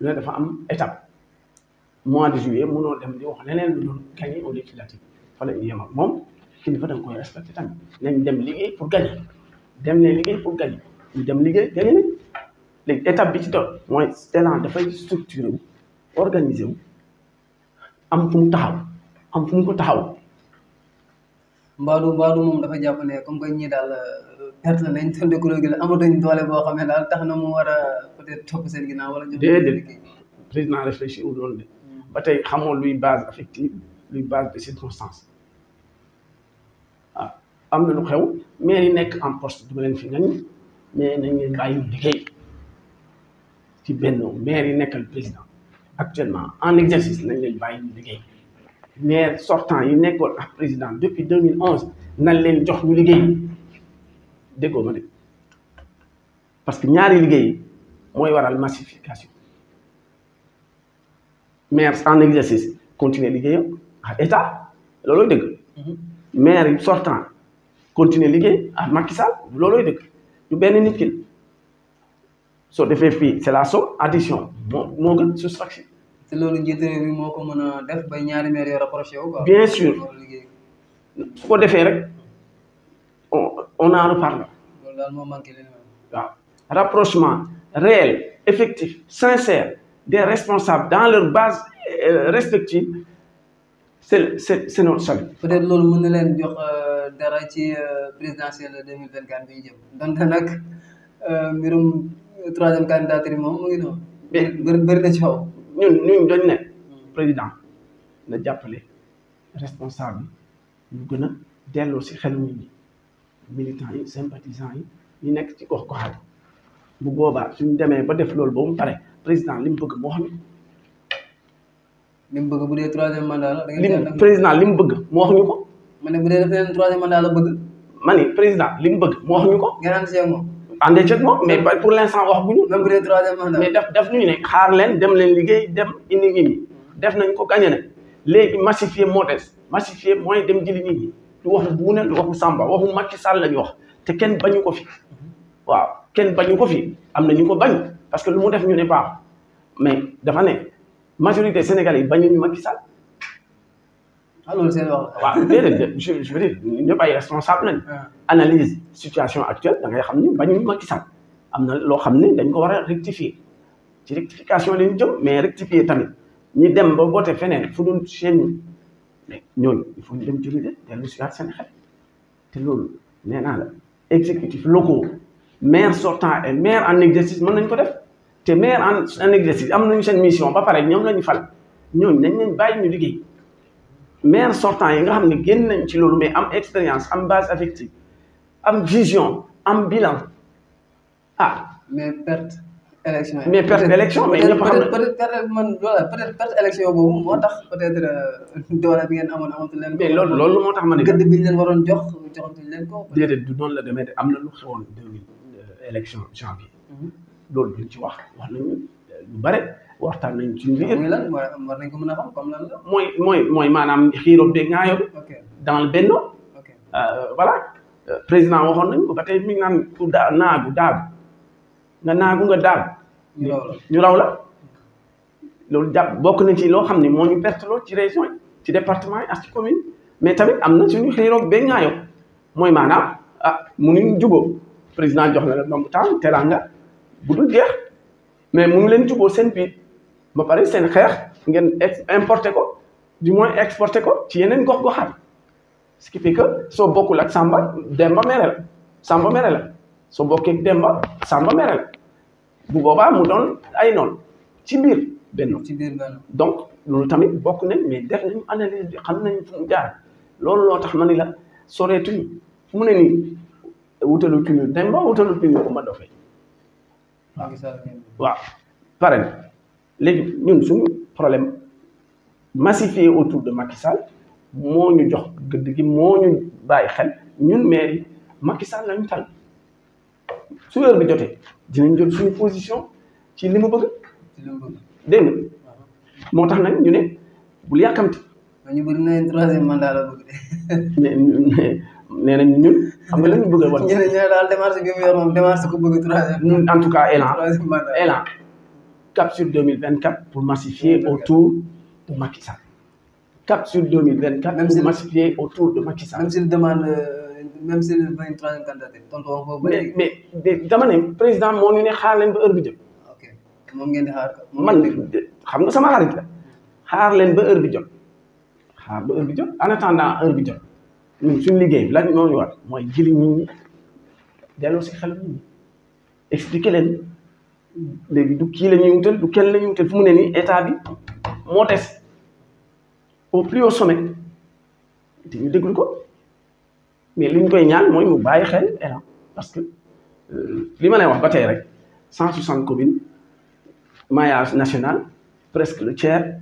lu ne dafa am étape mois de juillet mënoo dem di wax leneen lu dul gagné au législatif fa la ñuy yem moom kilifa da nga koy respecté tamit nañ dem liggéey pour gagné dem ne liggéey pour gagné ñu dem liggéey gagné léegi étape bi ci topp mooy Stellan dafay structuré wu am fu mu taxaw am fu mu ko taxaw. Mbadou Mbadou moom dafa jàpp ne comme que ñii daal euh, perte nañ te dëkkuloo gi la amatuñ doole boo xam ne daal tax na mu war a peut-être topp seen ginnaaw wala. déedéet président réfléchi wu doon de. ba tey xamoo luy base affective luy base de circonstance ah am na lu xew mais yi nekk en poste du ma leen fi ngañ mais nañ leen bàyyi liggéey. ci Benno maire yi nekk nekkal président actuellement en exercice nañ leen bàyyi ñu liggéey maire sortant yi nekkoon ak président depuis 2011 nañ leen jox ñu liggéey déggoo ma de parce que ñaari liggéey mooy waral massification maire en exercice continuer liggéeyam ak état loolooy dëgg maire sortant continuer liggéey ak Macky Sall loolooy dëgg du benn nit ki soo defee fii c'est la so addition moo moo gën soustraction. te loolu njiit réew moo ko mën a def ba ñaari maire yoo rapproché wu quoi. bien sûr su ko defee rek on on en reparle. loolu daal réel effectif sincère des responsables dans leur base euh, respective c'est c'est c'est notre salut. peut-être loolu mun na leen jox euh, dara ci euh, présidentielle 2024 bi ñu jëm donc nag troisième candidature moom mu ngi noonu. Eh. mais bëri na ci xaw ñun ñun dañ ne président na jàppale responsable ñu gën a delloo si xelu nit ñi militants yi sympathisants yi ñu nekk ci gox goxaat bu boobaa suñu demee ba def loolu ba mu pare président li mu bëgg moo mu bëgg bu dee troisième mandat la. li président li mu bëgg moo wax ñu ko. ma ne bu dee def leen troisième bëgg. ma ne président li mu bëgg moo wax ñu ko. ngeen ànd si moom. àndee ceeg moom mais pour l'instant wax bu ñu. même bu dee troisième mais daf daf ñu ne xaar leen dem leen liggéey dem indi nit ñi def nañ ko gagné na léegi massifier moo des massifier mooy dem jëli nit ñi du waxu ne du waxu Samba waxu Macky Sall la ñu wax te kenn bañu ko fi waaw kenn bañu ko fi am na ñu ko bañ parce que lu mu def ñu ne baax mais dafa ne majorité Sénégalais yi bañu ñu Macky Sall ah loolu seen wax la. waaw déedéet je je veux dire ñëpp ay responsable lañ. Ah. analyse situation actuelle da ngay xam ni bañu Macky Sall am na loo xam ne dañ ko war a rectifier ci rectification lañu jëm mais rectifier tamit ñi dem ba voté feneen fu dul seen ñi mais ñooñu il faut te loolu nee naa la exécutif locaux maire sortant et maire en exercice mën nañ ko def te maire en en exercice am nañu seen mission ba pare ñoom la ñu fal ñooñu nañ leen bàyyi ñu liggéey. maire sortant yi nga xam ne génn nañ ci loolu mais am expérience am base affective am vision am bilan ah. mais perte. élection mais perte élection mais ñëpp xam peut être peut être man voilà peut être perte élection boobu moo tax peut être euh, doole bi ngeen amoon amatu leen. mais loolu loolu moo tax ma ne. gëdd bi ñu leen waroon jox joxatuñ leen ko. déedéet du noonu la demee de am na lu xewoon deux mille euh, élection janvier. Mhm. loolu duñ ci wax wax nañu lu bare. waxtaan nañ ci biir. mooy lan war nañ ko mën a xam mooy mooy mooy maanaam xiiroo beeg ŋaayoo. ok dans le benno. Euh, voilà euh, président waxoon nañ ko ba tey mi naan pour daa naagu daagu nga naagu nga daagu. ñu raw la loolu jàpp bokk na ci loo xam ni moo ñu perte loo ci région ci département yi ak commune mais tamit am na suñu xiiroo beeg ŋaayoo mooy maanaam ah mu munuñ jubóo président jox na la ndomb tàng teraanga bu dul jeex mais munu leen jubóo seen biir. ba pare seen xeex ngeen ex importé ko du moins exporté ko ci yeneen gox goxaat ce qui fait que soo bokkul ak Samba Demba mere la Samba mere soo bokkee ak Demba Samba mere la bu boobaa mu doon ay noon ci biir benn. ci biir donc loolu tamit bokk nañ mais def nañu analyse bi xam nañ fu mu jaar loolu loo tax ma ni la soreetuñu fu mu ne nii wutalu tuñu Demba wutalu tuñu ko ma dofee waaw waaw pare léegi ñun suñu problème massifié autour de Macky Sall moo ñu jox gëdd gi moo ñu bàyyi xel ñun mairie Macky Sall lañu tal su heure bi jotee dinañ jël suñu position ci li mu bëgg dégg nga moo tax nañ ñu ne bul yàkkamti ñu bëri na troisième mandat la bëgg de nee nañ ñun xam nga lan ñu bëgg a wan ñeneen ñeneen daal démarche ko bëgg troisième ñun en tout cas élan élan capsule 2024 pour massifier autour de Macky Sall. capsule 2024 même pour massifier autour de Macky Sall. même s'il demande euh, même s'il veut une troisième candidature tonton boobu mais mais dama ne président moo ñu ne xaar leen ba heure bi jëm. ok moom ngeen man xam nga sama xarit la. xaar leen ba heure bi jot xaar ba heure bi jot en attendant heure bi jot ñun liggéey bi lan mooy jëli nit ñi delloo si xel nit léegi du kii la ñuy wutal du kenn la ñuy wutal fu mu ne ni état bi moo des au plus haut sommet te ñu déglu ko mais li ñu koy ñaan mooy mu bàyyi xel Elan parce que euh, lima ma lay wax ba tey rek cent soixante communes maillage national presque le tiers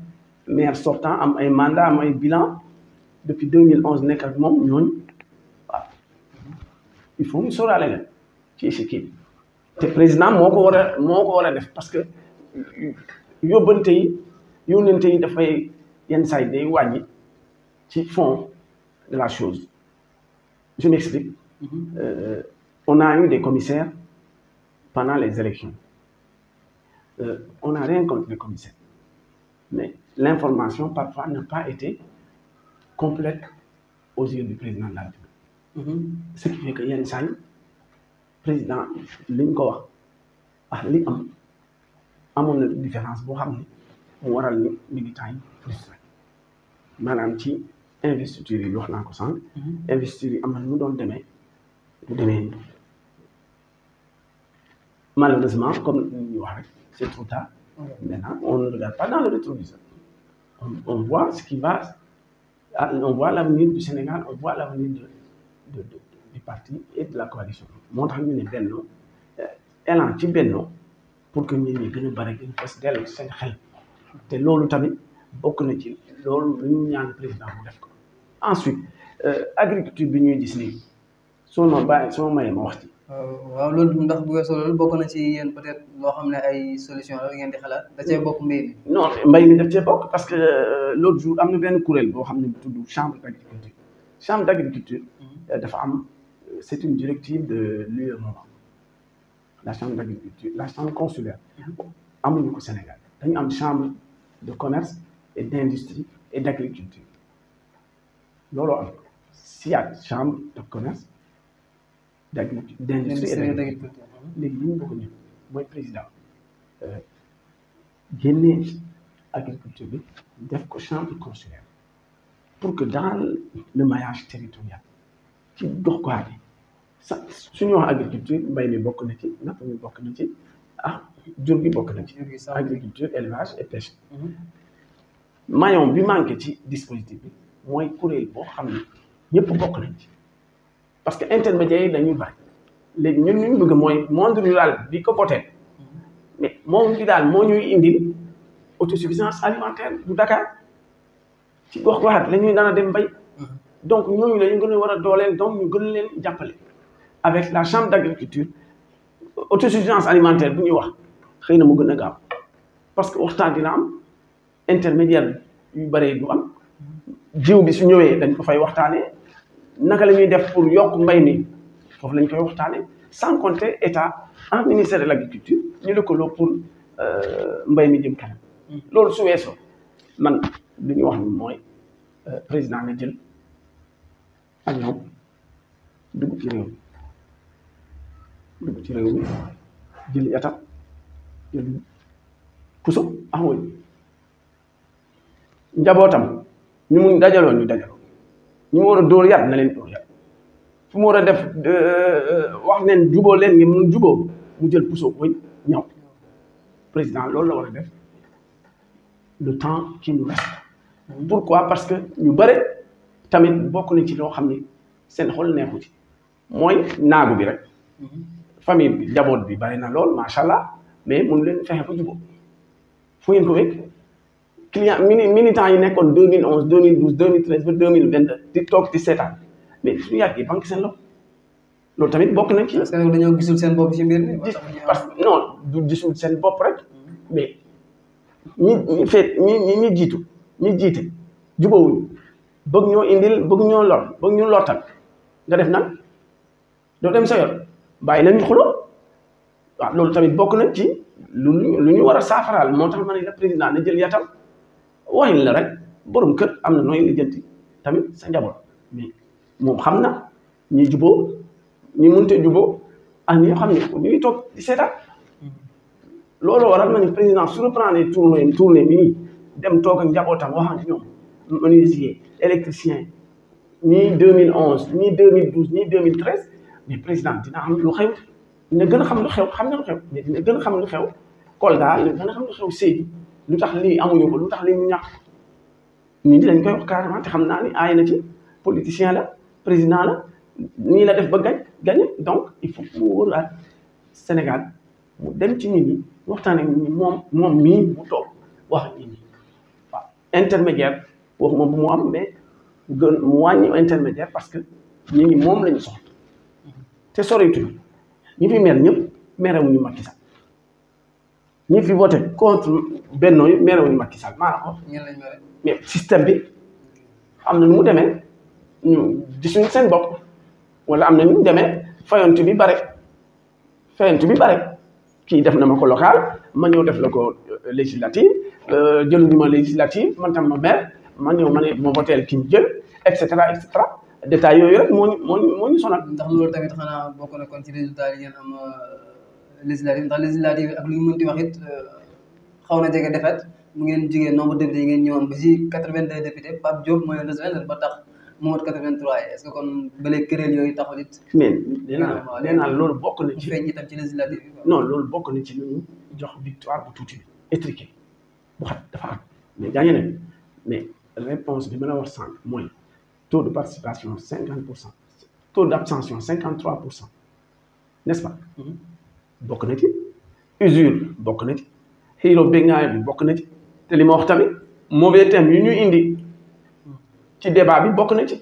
maire sortant am ay mandat am ay bilan depuis deux mille onze nekk ak moom ñooñu il faut mu sóoraale leen ci échiquier bi te président moo ko war moo ko war a def parce que yóbbante yi yónnante yi dafay yenn saa yi day wàññi ci fond de la chose je m'explique mm-hmm. euh, on a eu des commissaires pendant les élections euh, on n'a rien contre les commissaires mais l'information parfois n'a pas été complète aux yeux du président de mm-hmm. ce qui fait que yenn président liñ ko wax ah li am amoon na différence boo xam ne mu waral ni militants yi frustré maanaam ci investiture yi wax naa ko mhm. yi am na mu doon demee mu demee malheureusement comme ni ñu wax rek c'est trop tard. maintenant on ne regarde pas dans le rétroviseur. on on ce qui va on voit l'avenir du Sénégal on voit l'avenir de de parti et de la coalition moo tax ñu ne benno euh, élan ci benno pour que ñun ñi gën a bëri gën fas dellu seen xel te loolu tamit bokk na ci loolu lu ñaan président mu def ko ensuite euh, agriculture bi ñuy gis nii soo ma bàyyi soo mayee ma wax ci euh, waaw loolu ndax bu weesoo loolu bokk na ci yéen peut-être loo xam ne ay solution la ngeen di xalaat da cee bokk mbay mi. non mbay mi daf cee bokk parce que l'autre jour am na benn kuréel boo xam ne bu tudd chambre d'agriculture chambre d'agriculture mm-hmm. dafa am c'est une directive de l'UEMOA la chambre d'agriculture la chambre consulaire amuñu ko Sénégal dañu am chambre de commerce et d'industrie et d'agriculture looloo am SIAD chambre de commerce d'industrie et d'agriculture léegi li ñu bëgg mooy président euh, génne agriculture bi def ko chambre consulaire pour que dans le maillage territorial ci gox gox bi sax suñu wax agriculture mbay mi bokk na ci napp mi bokk na ci ah jur gi bokk na ci agriculture élevage et pêche mhm. maillon bi manqué ci dispositif bi mooy kuréel boo xam ne ñëpp bokk nañ ci parce que intermédiaires yi lañuy bari léegi ñun ñu bëgg mooy monde rural bi ko potee mhm. mais moom li daal moo ñuy indil autosuffisance alimentaire bu Dakar ci gox goxaat la ñuy daan a dem mbay mhm. donc ñooñu la ñu gën a war a dooleel donc ñu gën leen jàppale avec la chambre d'agriculture autosuffisance alimentaire bu ñuy wax xëy na mu gën a gaaw parce que waxtaan dina am intermédiaire yu bëree du am jiw bi su ñëwee dañ ko fay waxtaanee naka la ñuy def pour yokk mbay mi foofu lañ koy waxtaanee sans compter état en ministère de l'agriculture ñu lëkkaloo pour euh, mbay mi jëm kanam loolu su weesoo man li ñu wax ni mooy euh, président nga jël ak ñoom dugg ci réew dugg ci réew mi jël yatam jël puso amoon njabootam ñu mu dajaloon ñu dajaloon ñu mu war a dóor yat na leen dóor yat fu mu war a def euh, wax neen juboo leen ngi mun juboo mu jël puso wëñ ñaw président loolu la war a def le temps qui nous reste pourquoi parce que ñu bare tamit bokk na ci loo xam ni seen xol neexu ci mooy naagu bi rek mm-hmm. famille bi njaboot bi bari na lool macha allah mais mënu leen fexe ba jubóo fu ngeen ko fekk client mini militants yi nekkoon 2011 2012 2013 ba 2022 di toog di seetaan mais su i banque seen loxo loolu tamit bokk nañ ci. parce que dañoo gisul seen bopp ci mbir mi. parce que non du gisul seen bopp rek mais ñi ñi feet ñi ñi jiitu ñi jiite jubóowuñu bëgg ñoo indil bëgg ñoo lor bëgg ñu lortal nga def nag doo dem sa bàyyi leen ñu xuloo waaw loolu tamit bokk nañ ci lu lu ñu war a saafaraal moo tax ma ne la président na jël yatam waxin la rek borom kër am na nooy lijjanti tamit sa njaboot mais moom xam na ñi juboo ñi mënte juboo ak ñi xam ne ñu ngi toog di seetaan loolu waral ma ne président surprendre tournée tournée bi nii dem toog ak njabootam waxante ñoom menuisier électricien ñii 2011 ñii 2012 ñii 2013 mais président dina xam lu xew dina gën a xam lu xew xam na lu gën xam lu xew Kolda dina lu tax lii amuñu ko lu tax lii ñu ñax nit ñi dañ koy wax carrément te xam naa ni aay na ci politicien la président la nii la def ba gañ gañ donc il faut mu wóoraat Sénégal mu dem ci nit ñi waxtaan ak nit moom moom mii mu toog wax nit ñi waaw intermédiaire waxuma bu mu am mais gën mu wàññi intermédiaire parce que nit ñi moom la ñu soxla te soriwutul ñi fi mer ñëpp ñu Macky Sall ñi fi voté contre Benno yi merewuñu Macky Sall maanaam oh, mais système bi am na nu mu demee ñu gisuñu seen bopp wala am na nu mu demee fayontu bi bare fayontu bi bare kii def na ma ko local ma ñëw def la ko euh, législative ñu euh, ma législative man tam ma mer ma ñëw ma ne ma voteel ki ñu jël et cetera détails yooyu rek moo ñu moo ñu moo ñu sonal. ndax loolu tamit xanaa bokk na kon ci résultat yi ngeen am euh, législative ndax législative ak lu ñu mënti wax it euh, xaw na jege defet mu ngeen jigéen nombre de députés yi ngeen ñëwoon ba si quatre-vingt-deux députés Pape Diop mooy le ba tax mu mot quatre-vingt-trois est-ce que kon ba léegi ah, loolu bokk na ci feeñ itam ci législative bi. non loolu bokk na ci lu ñu jox victoire bu tuuti étriqué bu xat dafa am mais gaañu ne mais réponse bi ma la wax sànq mooy. taux de participation 50 pour cent taux d' abstention 53 pour cent n' est ce pas. Mm-hmm. bokk na ci usure bokk na ci xiiro béngaay bi bokk na ci te li ma wax tamit mauvais thème yu ñu indi ci débat bi bokk na ci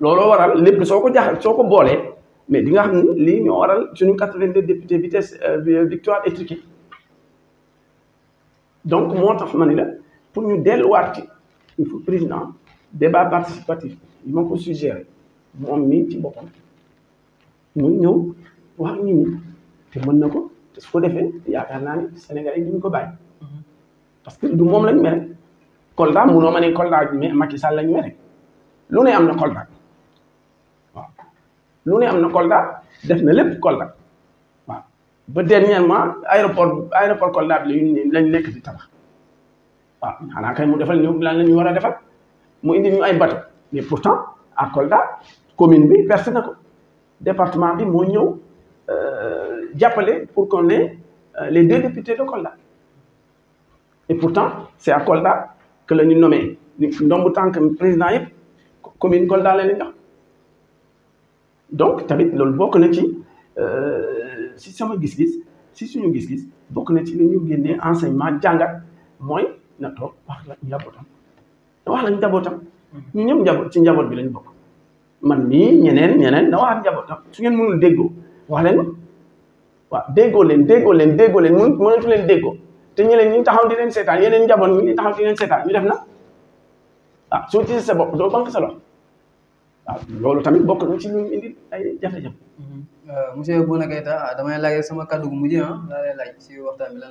looloo waral lépp soo ko jax soo ko boolee mais di nga xam ne lii ñoo waral suñu 82 députés vitesse euh, victoire étriquée donc moo tax ma ni pour ñu delluwaat ci il faut président. débat participatif bi ma ko suggéré moom mii ci boppam mu ñëw wax nit te mën na ko te su defee yaakaar naa ne Sénégal yi duñ ko bàyyi parce que du moom lañ mere Kolda munoo ma ne Kolda mais Macky Sall lañ mere lu ne am na Kolda waaw lu ne am na Kolda def na lépp Kolda waaw ba dernièrement aéroport aéroport Kolda bi lañ lañ nekk di tabax waaw xanaa kay mu defal ñu lan la ñu war a defal. mu indi ñu ay bateau mais pourtant à commune bi versé na ko département bi moo ñëw euh, jàppale pour qu'on ait euh, les deux députés de Kolda et pourtant c'est à Kolda que la ñu nommé ndombu tànk président yëpp commune Kolda la ñu donc tamit loolu bokk na ci euh, si sama gis-gis si suñu gis-gis bokk na ci li ñu génnee enseignement jàngat mooy na toog wax la njabootam wax lañ njabootam ñu ñëpp njaboot ci njaboot bi lañ bokk man mii ñeneen ñeneen da wax su ngeen mënul déggoo wax leen waaw déggoo leen déggoo leen déggoo leen mënut mënatu leen déggoo te ñeneen ñu taxaw di leen seetaan yeneen njaboot ñu taxaw di leen seetaan ñu def na waaw soo ci sa bopp doo banque sa loolu tamit bokk na ci lu ay jafe-jafe. Mm-hmm. Euh, monsieur Bouna Keita ah, damay laaj sama kàddu gu mujj si ah, waxtaan bi lan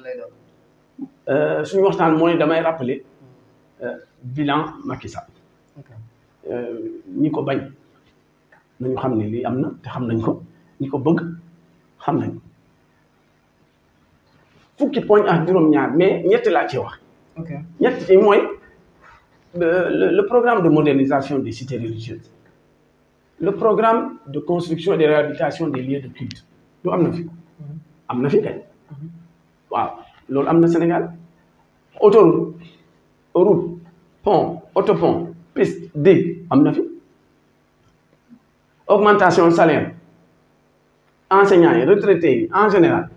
euh, suñu waxtaan mooy damay rappeler euh, bilan Macky Sall euh, ñi ko bañ nañu xam ne lii am na te xam nañ ko ñi ko bëgg xam nañ fukki poñ ak juróom-ñaar mais ñetti laa ci wax. ñett ci mooy le programme de modernisation des cités religieuses le programme de construction de réhabilitation des lieux de culte lu am na fi mhm. am na fi kay mhm. waaw loolu am na Sénégal autoroute pont autopont piste digue am na fi augmentation salaire enseignants yi retraités yi en général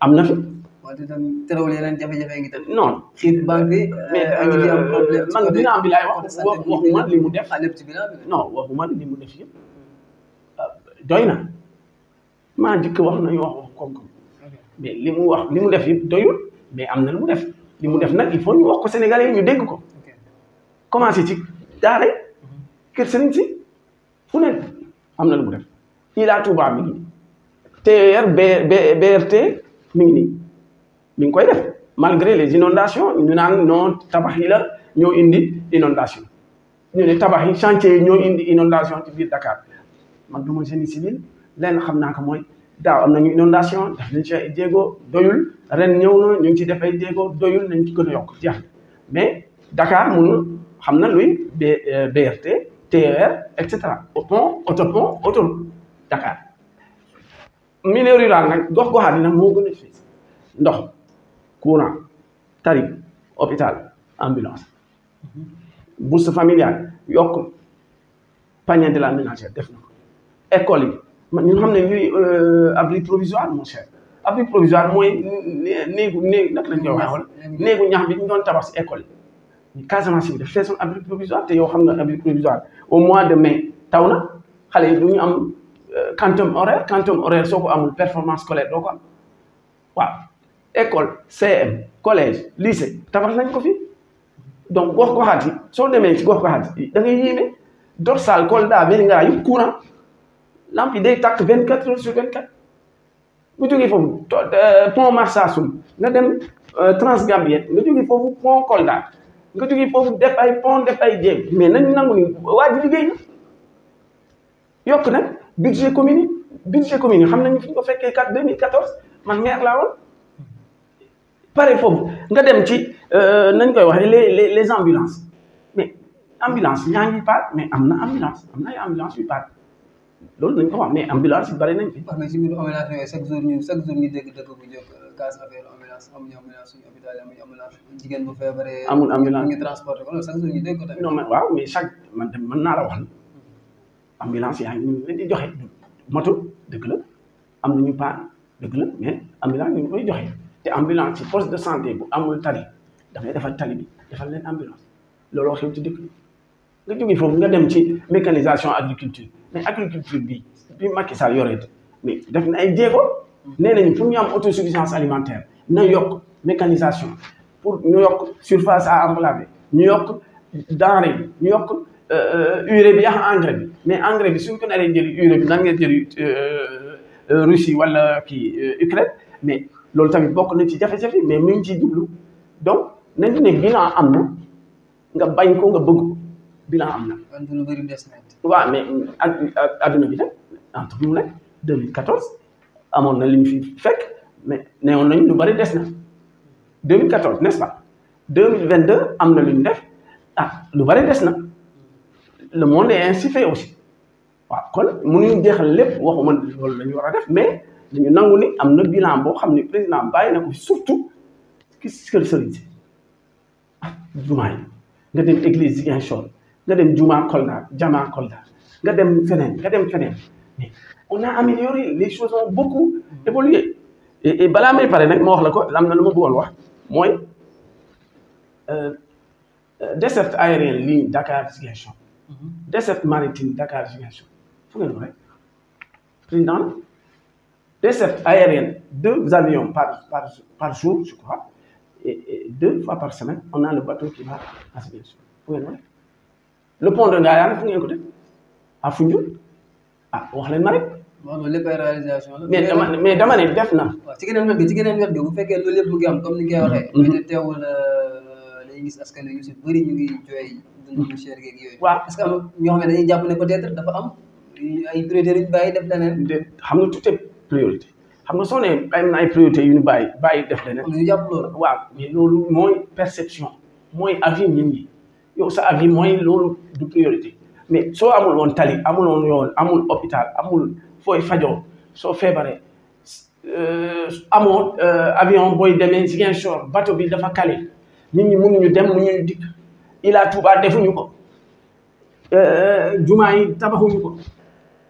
am na fi. waaw te tamit terewul yeneen jafe-jafe ngi tamit. non xiif euh, euh, man bilan bi laay waxuma li mu def. lépp ci bilan non waxuma li def yëpp euh, doy na maa njëkk wax na wax wax koom-koom mais li mu wax li mu def yëpp doyul mais am na lu mu def li mu def nag il faut ñu wax ko Sénégalais yi ñu dégg ko. commencé ci daara kër sëriñ si fu ne am na lu mu def Ila Touba mi ngi TER BRT mi ngi nii mi ngi koy def malgré les inondations ñu naan non tabax yi la ñoo indi inondation ñu ne tabax yi chantier yi ñoo indi inondation ci biir Dakar man du ma génie civil lenn xam naa ko mooy daaw am nañu inondation def nañ ci ay jéego doyul ren ñëw na ñu ngi ci def ay jéego doyul nañ ci gën a yokk jeex mais Dakar mënul xam na luy BRT euh, TER et cetera pont autopont autoroute Dakar milieu rural nag gox goxaat yi nag moo gën a fees ndox courant tari hôpital ambulance bourse familiale yokk panier de la ménagère def na ko école yi man ñu xam ne ñuy euh, abri provisoire mon cher abri provisoire mooy néegu néegu naka lañ koy waxee wala néegu ñax bi ñu doon tabax école yi Casamance bi dafa feesoon abri provisoire te yow xam nga abri provisoire au mois de mai taw na xale yi du ñu am euh, quantum horaire quantum horaire soo ko amul performance scolaire doo ko am waaw école CM collège lycée tabax nañ ko fi donc gox goxaat yi soo demee ci gox goxaat yi da ngay yéeme dorsal Kolda Vélingara yu vingt quatre heures sur vingt quatre bu jógee foofu euh, pont Marsassoum nga dem euh, Transgambie nga jógee foofu pont Kolda nga jógee foofu def ay pont def ay jéem mais nañ nangu ni waa ji liggéey na yokk nag budget commune yi budget commune xam nañu fi ñu ko fekkee quatre deux mille quatorze man maire laa woon pare foofu nga dem ci euh, nañ koy waxee les les les ambulances mais ambulance ñaa ngi paat mais am na am na ay ambulance yu paat loolu nañ ko wax mais ambulance nañ fi. ambulance amuñu ambulance suñu hôpital amuñu ambulance amul ambulance ñu transporté ko loolu chaque jour ñu dégg ko tamit. non mais waaw mais man de wax ambulance yaa ngi di joxe matul dëgg la am nañu paan dëgg la mais ambulance ñu ngi koy joxe te ambulance ci poste de santé bu amul tali dafay defal tali bi defal leen ambulance looloo xew ci dëkk bi nga jógee foofu nga dem ci mécanisation agriculture mais agriculture bi bi Macky Sall yore mais def na ay jéego. Mm. nee nañu pour ñu am autosuffisance alimentaire na yokk mécanisation pour ñu yokk surface à emblaver ñu yokk denrée bi ñu yokk euh, euh, urée bi yax engrais bi mais engrais bi suñ ko naree jëli urée bi nan euh, Russie wala kii Ukraine mais loolu tamit bokk na ci jafe-jafe mais mu ngi ciy jublu donc nañu ne bilan am na nga bañ ko nga bëgg ko bilan am na. kon lu bëri des na. waaw mais adduna bi nag entre nous amoon na li ñu fekk. mais neewoon nañu lu bari des na 2014 n'est-ce vingt 2022 am na lu ñu def ah lu bari des na le monde est ainsi fait aussi waaw kon mënuñu jeexal lépp waxuma loolu la ñu war a def mais dañu nangu ni am na bilan boo xam ne président bàyyi na ko surtout ki kër sëriñ si ah jumaa yi nga dem église Ziguinchor nga dem jumaa Kolda jamaa Kolda nga dem feneen nga dem feneen mais on amélioré les choses ont beaucoup évolué balaa may pare nag moo wax la ko am na lu ma bëggoon wax mooy euh, euh, desserte aérien ligne Dakar Ziguinchor mm-hmm. desserte maritime Dakar Ziguinchor fu ngeen ko rek président la aérienne deux avions par par par jour je crois et deux fois par semaine on le bateau qui va à ngeen ko le pont de Ndayane fu ngeen ko def à Foundiougne ah, wax leen ma rek non lépp ay mais dama mais dama def na. waaw ci geneen wet gi ci geneen wet gi bu fekkee loolu lépp mu ngi am comme nga ko mhm. euh, gis askan wi ñu si bëri ngi jooy. dundu cher geeg ñoo xam ne dañuy jàpp ne peut-être dafa am ay priorité yu ñu bàyyi def leneen. de xam nga tout est xam nga soo ne am na ay priorité yu ñu bàyyi bàyyi def leneen. ne jàpp loolu. waaw mais loolu mooy perception mooy avis nit ñi sa avis mooy loolu du priorité mais soo amul woon tali amul woon yoon amul hôpital amul. fooy fajoo soo feebaree amoo euh, avion booy demee Ziguinchor bateau bi dafa kale nit ñi mënuñu dem mënuñu dikk Ila Touba defuñu ko euh, jumaa yi tabaxuñu ko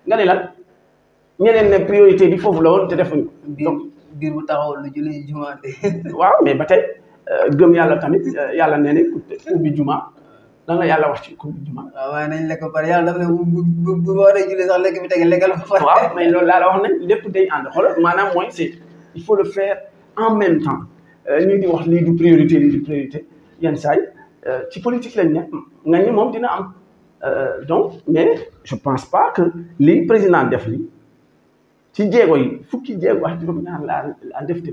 nga ne lan ñeneen ne priorité bi foofu la woon te defuñu ko. donc biir bu taxaw lu julli jumaa waaw mais ba tey euh, gëm yàlla tamit yàlla nee na ubbi jumaa. lan la yàlla wax ci ko juma. waaw waaye nañ lekk ba pare yàlla ne bu bu bu waree julli sax lekk bi tege lekkal ba pare. waaw mais loolu wax ne lépp day ànd maanaam mooy c'est il faut le faire en même temps euh, ñu di wax lii du priorité lii yenn saa euh, ci politique lañ ne nga ñi moom dina am euh, donc mais je pense pas que lii président def lii ci jéego yi fukki jéego wax juróom-ñaar laa la def te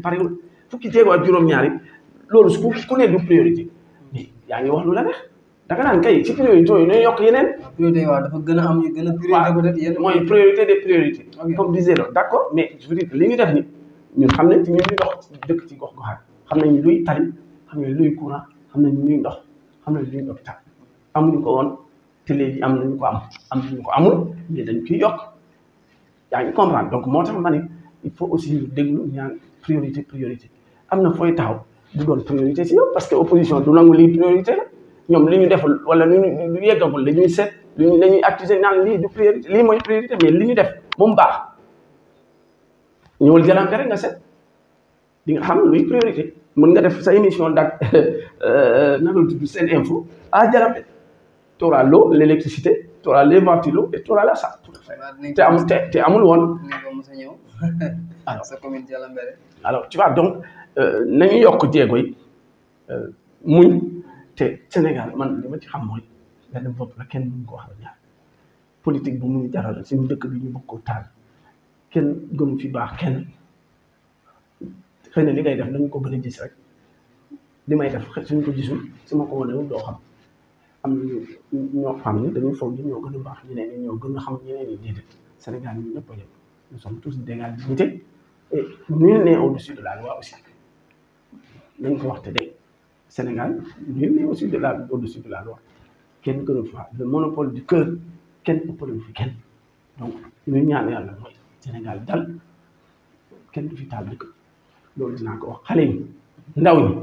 fukki jéego ak ñaar yi du priorité yaa ngi wax lu la neex. da nga naan kay ci priorité yooyu ñooy yokk yeneen. priorité waaw dafa gën a am ñu gën a. priorité peut-être yenn mooy priorité des priorités. comme disait la d'accord mais je veux dire li ñu def ni ñun xam nañ ci ñun ñu dox dëkk ci gox goxaan xam nañ luy tali xam nañ luy courant xam nañ luy ndox xam nañ luy hôpital amuñu ko woon te léegi am nañu ko am am nañu ko amul mais dañ ciy yokk yaa ngi comprendre donc moo tax ma ne il faut aussi ñu déglu ñaan priorité priorité am na fooy taxaw du doon priorité si yow parce que opposition du nangu lii priorité la. ñoom li ñu deful wala lu ñu yeggagul la ñuy seet luñu ñuy actiser naan lii du priorité lii mooy li ñu def moom baax ñëwal jalanka rek nga seet di nga xam luy priorité mën nga def sa émission dak euh, naka la tudd seen info à jalambe t'auras l'eau l'électricité t'auras les ventilos et t'auras la salle te amul te te amul woon alors sa commune Jalambeere alors tu vois donc euh, nañu yokk jéego yi euh, muñ te Sénégal man li ma ci xam mooy nga dem vote la kenn mënu ko wax ñaar politique bu muy jaral suñu dëkk bi ñu ko taal kenn gënu fi baax kenn xëy na li ngay def dañ ko gën a gis rek li may def suñ ko gisul su ma ko wanewul doo xam am na ñoo xam ne dañuy foog ñu ñoo gën a baax ñeneen ñoo gën a xam ñeneen ñi déedéet Sénégal ñun ñëpp a yem nous sommes tous d'égale dignité et nul n'est au-dessus de la loi aussi nañ ko wax te Sénégal ñun mais aussi de la au-dessus de la loi kenn gënu fa le monopole du cœur kenn ëppale fi kenn donc ñu ñaan yàlla mooy Sénégal dal kenn du fi taal dëkk loolu dinaa ko wax xale yi ndaw ñi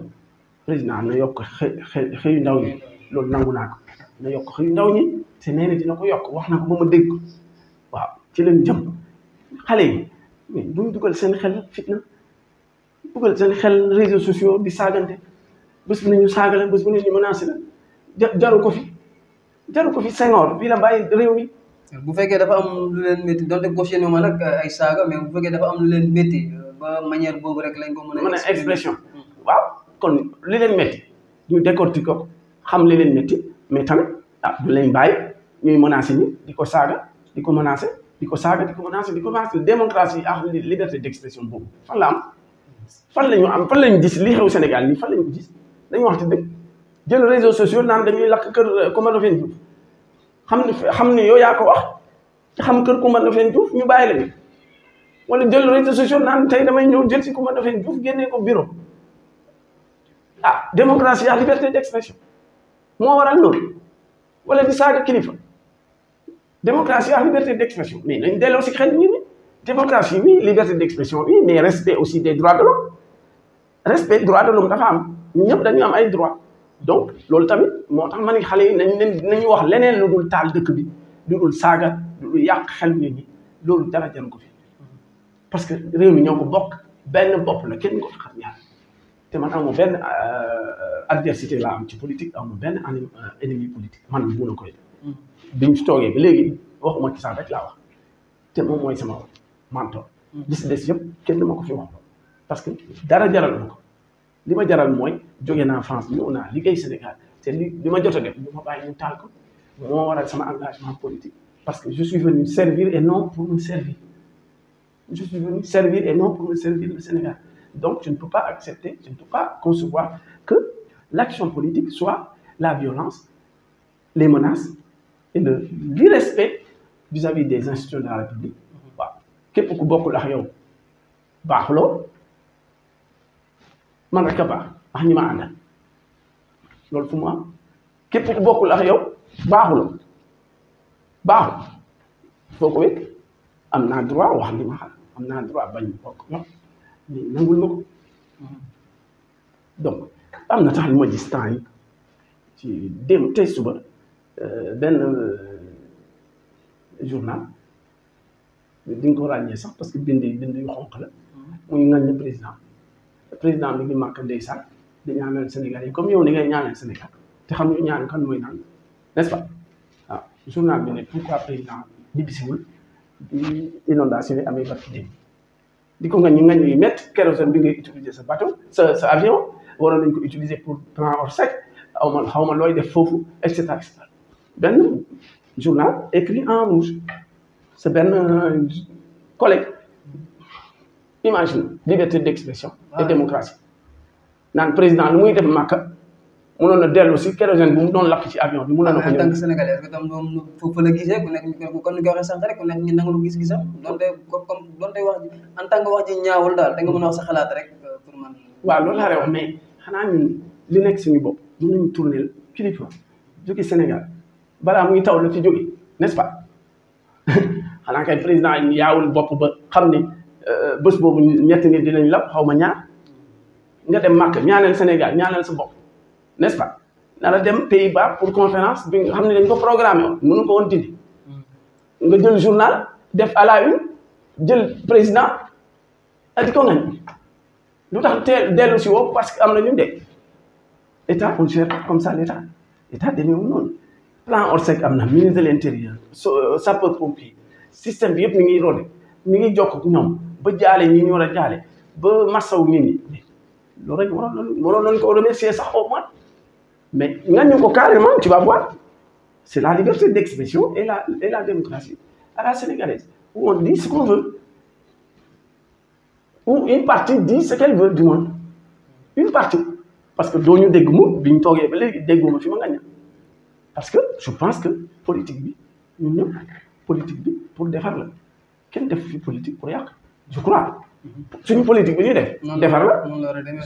président am na yokk xë ndaw ñi loolu nangu naa ko na yokk xëyu ndaw ñi te nee na yokk wax na ko ba ma waaw ci leen jëm yi mais buñ dugal seen xel fitna dugal seen xel réseaux sociaux di saagante bés bu ne saaga leen bés bu ne ñu menacé la jaru ko fi jaru ko fi Senghor fii la bàyyi réew mi. bu fekkee dafa am lu leen métti donte gaucher ma nag ay saaga mais bu fekkee am leen métti ba manière boobu rek lañ ko mën a. a expression hmm. waaw kon li leen métti ñu décortiquer ko xam li leen métti mais tamit ah du leen bàyyi ñuy menacé ni di ko saaga di ko menacé di ko saaga di ko menacé di ko menacé démocratie ak liberté d' expression boobu fan la am fan la ñu am fan la ñu gis li xew Sénégal nii fan la ñu ko dañu waxte dëgg jël réseaux sociaux naan dañuy lakk kër euh, Coumba Ndoffène Diouf xam ni xam ni yow yaa ko wax ci xam kër Coumba Ndoffène Diouf ñu bàyyi la bi wala jël réseaux sociaux naan tey damay ñëw jël si Coumba Ndoffène Diouf génnee ko bureau ah démocratie ak liberté d'expression moo waral loolu wala di saaga kilifa démocratie ak liberté d'expression mais nañ delloo si xel ñi ni démocratie oui liberté d'expression oui mais respect aussi des droits de l'homme respect droits de am ñëpp dañu am ay droit donc loolu tamit moo tax ma ne xale yi nañ leen nañu wax leneen lu dul taal dëkk bi lu dul saaga lu dul yàq xel nit ñi loolu dara jan ko fi parce que réew mi ñoo ko bokk benn bopp la kenn ko xar ñaar te man amu benn euh, adversité laa am ci politique amu benn anim euh, ennemi politique man mun a koy bi ñu fi toogee ba léegi waxuma ci sax rek laa wax te moom mooy sama mentor mm-hmm. li si des yëpp kenn du ma ko fi wax parce que dara jaral ma ko li ma jaral mooy jóge naa France ñëw naa liggéey Sénégal te li li ma jot a def du ma bàyyi ñu taal ko moo waral sama engagement politique parce que je suis venu servir et non pour me servir je suis venu servir et non pour me servir Sénégal donc je ne peux pas accepter je ne peux pas concevoir que l'action politique soit la violence les menaces et le l'irrespect vis-à-vis des institutions de la République waaw képp ku bokkul ak yow baaxuloo man rek ak ñi ma àndal loolu fu mu am képp ku bokkul ak yow baaxuloo baaxul foo ko wékk am naa droit wax li ma xam am naa droit bañ bokk ni nangul ma donc am na tax lu ma gis temps yi ci démb tey suba euh, benn euh, journal di nga ko ràññee sax parce que bind yi bind yu xonq la mm. muy ngañ président président bi ngi màkk ndeysaan di ñaanal Sénégal yi comme yow ni ngay ñaanal Sénégal te xam ñu ñaan kan mooy naan n'est-ce ah, journal bi ne pourquoi président di bisiwul di inondation yi amee barki démb di ko nga ñu ngañ yu métti kérosène bi nga utiliser sa bateau sa sa avion waroon nañ ko utiliser pour plan Orsec aw ma xaw ma looy def foofu et cetera et journal écrit en rouge sa benn euh, collègue imagine liberté d'expression et démocratie naan président lu muy def màkka mënoon na dellu si kérosène bu mu doon lakk ci avion bi mënoon na ko ah, en moom foofu la gisee ku nekk kon ni ko waxee sànq rek ku nangu lu gis-gisam donte comme donte wax ji en wax ji ñaawul daal da nga a wax sa xalaat rek euh, pour man waaw loolu laa wax mais xanaa ñun li nekk suñu bopp mën nañu tourner kilifa jóge Sénégal mu ngi taw la ci jóge n'est-ce pas xanaa kay président yaawul bopp ba xam ne euh, bés boobu ñetti nit dinañ la xaw ma ñaar nga dem Màkk ñaanal Sénégal ñaanal sa bopp n'est-ce pas na la dem Pays-Bas pour conférence bi nga xam ne dañ ko programmé woon nu ko woon dindi hmm. nga jël journal def à jël président adi ko ngañ lu tax teel dellu si woo parce que am na ñu dégg état on gère comme ça l' état état demeewul noonu plan Orsec am na ministre de l' intérieur sapeur euh, pompier système bi yëpp mi ngi rôle mi ngi jokk ñoom ba jaale ñi ñu war a jaale ba massaw nit ñi loolu rek waroon nañu waroon nañu ko remercier sax au moins mais ñooñu ko carrément tu vas voir c'est la liberté d'expression et la et la démocratie à la sénégalaise où on dit ce qu'on veut où une partie dit ce qu'elle veut du moins une partie parce que doo ñu dégg mu bi ñu toogee ba léegi dégguma fi ma nga parce que je pense que politique bi ñun ñëpp politique bi pour defar la kenn def fi politique pour yàq je crois. suñu politique bi ñuy def. defar la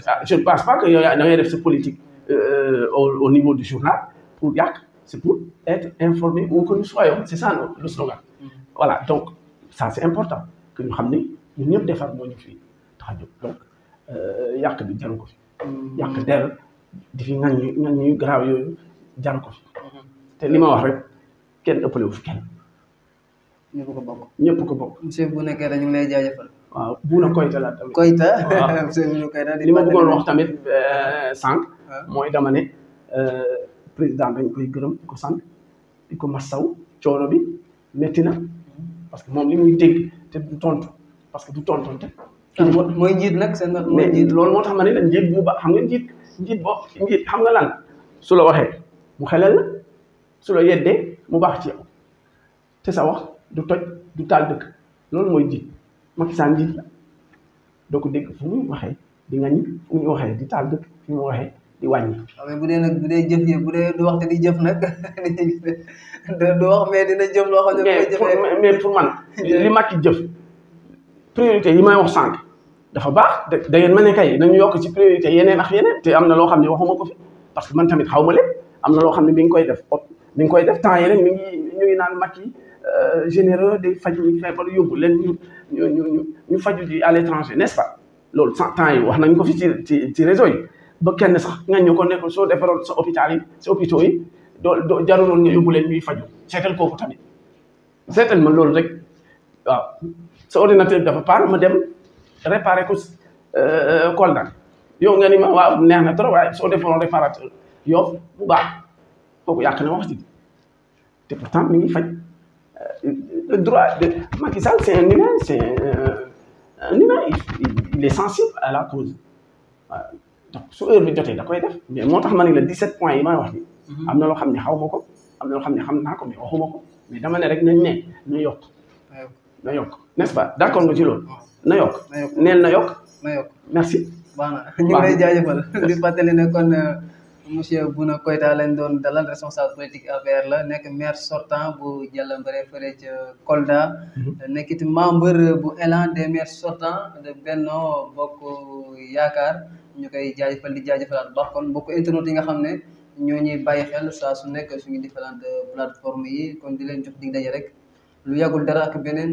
ah je ne pense pas que yow da ngay def sa politique euh, au niveau du journal pour yàq c'est pour être informé ou que nous soyons c'est ça le slogan. Mm-hmm. voilà donc ça c'est important que ñu xam ni ñun ñëpp defar moo ñu fi tax a jóg donc euh, yàq bi jaru ko fi. Mm-hmm. yàq der di fi ñaan ñu ñaan yooyu jaru ko fi. Mm-hmm. te li ma wax rek kenn ëppale wu fi kenn. ñëpp ko bokk ñëpp ko bokk. monsieur bu nekkee lay jaajëfal. waaw buuna koyta la tamit. koyta Seydou Koyta di. li ma bëggoon wax tamit euh, sànq. mooy dama ne euh, président dañ koy gërëm ko sant di ko massaw coono bi métti na parce que moom li muy dégg te du tontu parce que du te ah, mooy njiit nag seen mooy njiit loolu moo tax ma ne la njiit bu baax xam nga njiit njiit bo njiit xam nga lan su la waxee mu xelal la su la yeddee mu baax ci te sa wax du toj du taal dëkk loolu mooy njiit. Macky Sall njiit la doo ko dégg fu muy waxee di ngañ fu muy waxee di taal dëkk fi mu waxee di wàññi. waaw ah, bu dee nag bu dee jëf yi bu dee du wax te di jëf nag du wax mais dina jëf loo xam ne. mais pour mais pour man li Macky jëf priorité yi may wax sànq dafa baax da ngeen ma ne kay dañu yokk ci priorité yeneen ak yeneen te am na loo xam ne waxuma ko fi parce que man tamit xaw ma lépp am na loo xam ne mi ngi koy def mi ngi koy def temps yeneen mi ngi ñu ngi naan Macky. Euh, généreux day faj ñu feebar yóbbu leen ñu ñu ñu ñu faju ji à l'étranger n'est-ce pas loolu temps yi wax nañ ko fi ci ci ci réseau yi ba kenn sax nga ñu ko nekk soo defaroon sa hôpital yi sa hôpitaux yi doo doo jaruloon nga yóbbu leen ñuy faju seetal kooku tamit seetal ma loolu rek waaw sa ordinateur dafa paan ma dem réparé ko kol euh, Kolda yow nga ni ma waaw neex na trop waaye soo defaroon réparateur yow bu baax kooku yàq na wax ji te pourtant mi ngi faj Euh, le droit de Macky Sall c'est un humain c'est un il est sensible à la cause waaw donc su heure bi jotee koy def mais moo tax ma ne la 17 points yi may wax bi mhm. am na loo xam ne xaw ma ko am na loo xam ne xam naa ko mais waxuma ko mais ne rek ne yokk na yokk ne ce pas d'accord nga ci loolu na yokk neel na yokk na yokk merci baax na ñu ngi lay ne kon euh, monsieur Bouna Koita lañ doon dalal responsable politique APR la nekk maire sortant bu Diallambaré fële ca Kolda mhm. nekkit membre bu élan des maires sortants de Benno Bokk Yaakaar ñu koy jaajëfal di jaajëfalaat bu baax kon bokk internet yi nga xam ne ñoo ñuy bàyyi xel saa su nekk suñu différentes plateformes yi kon di leen jox dig rek lu yàggul dara ak beneen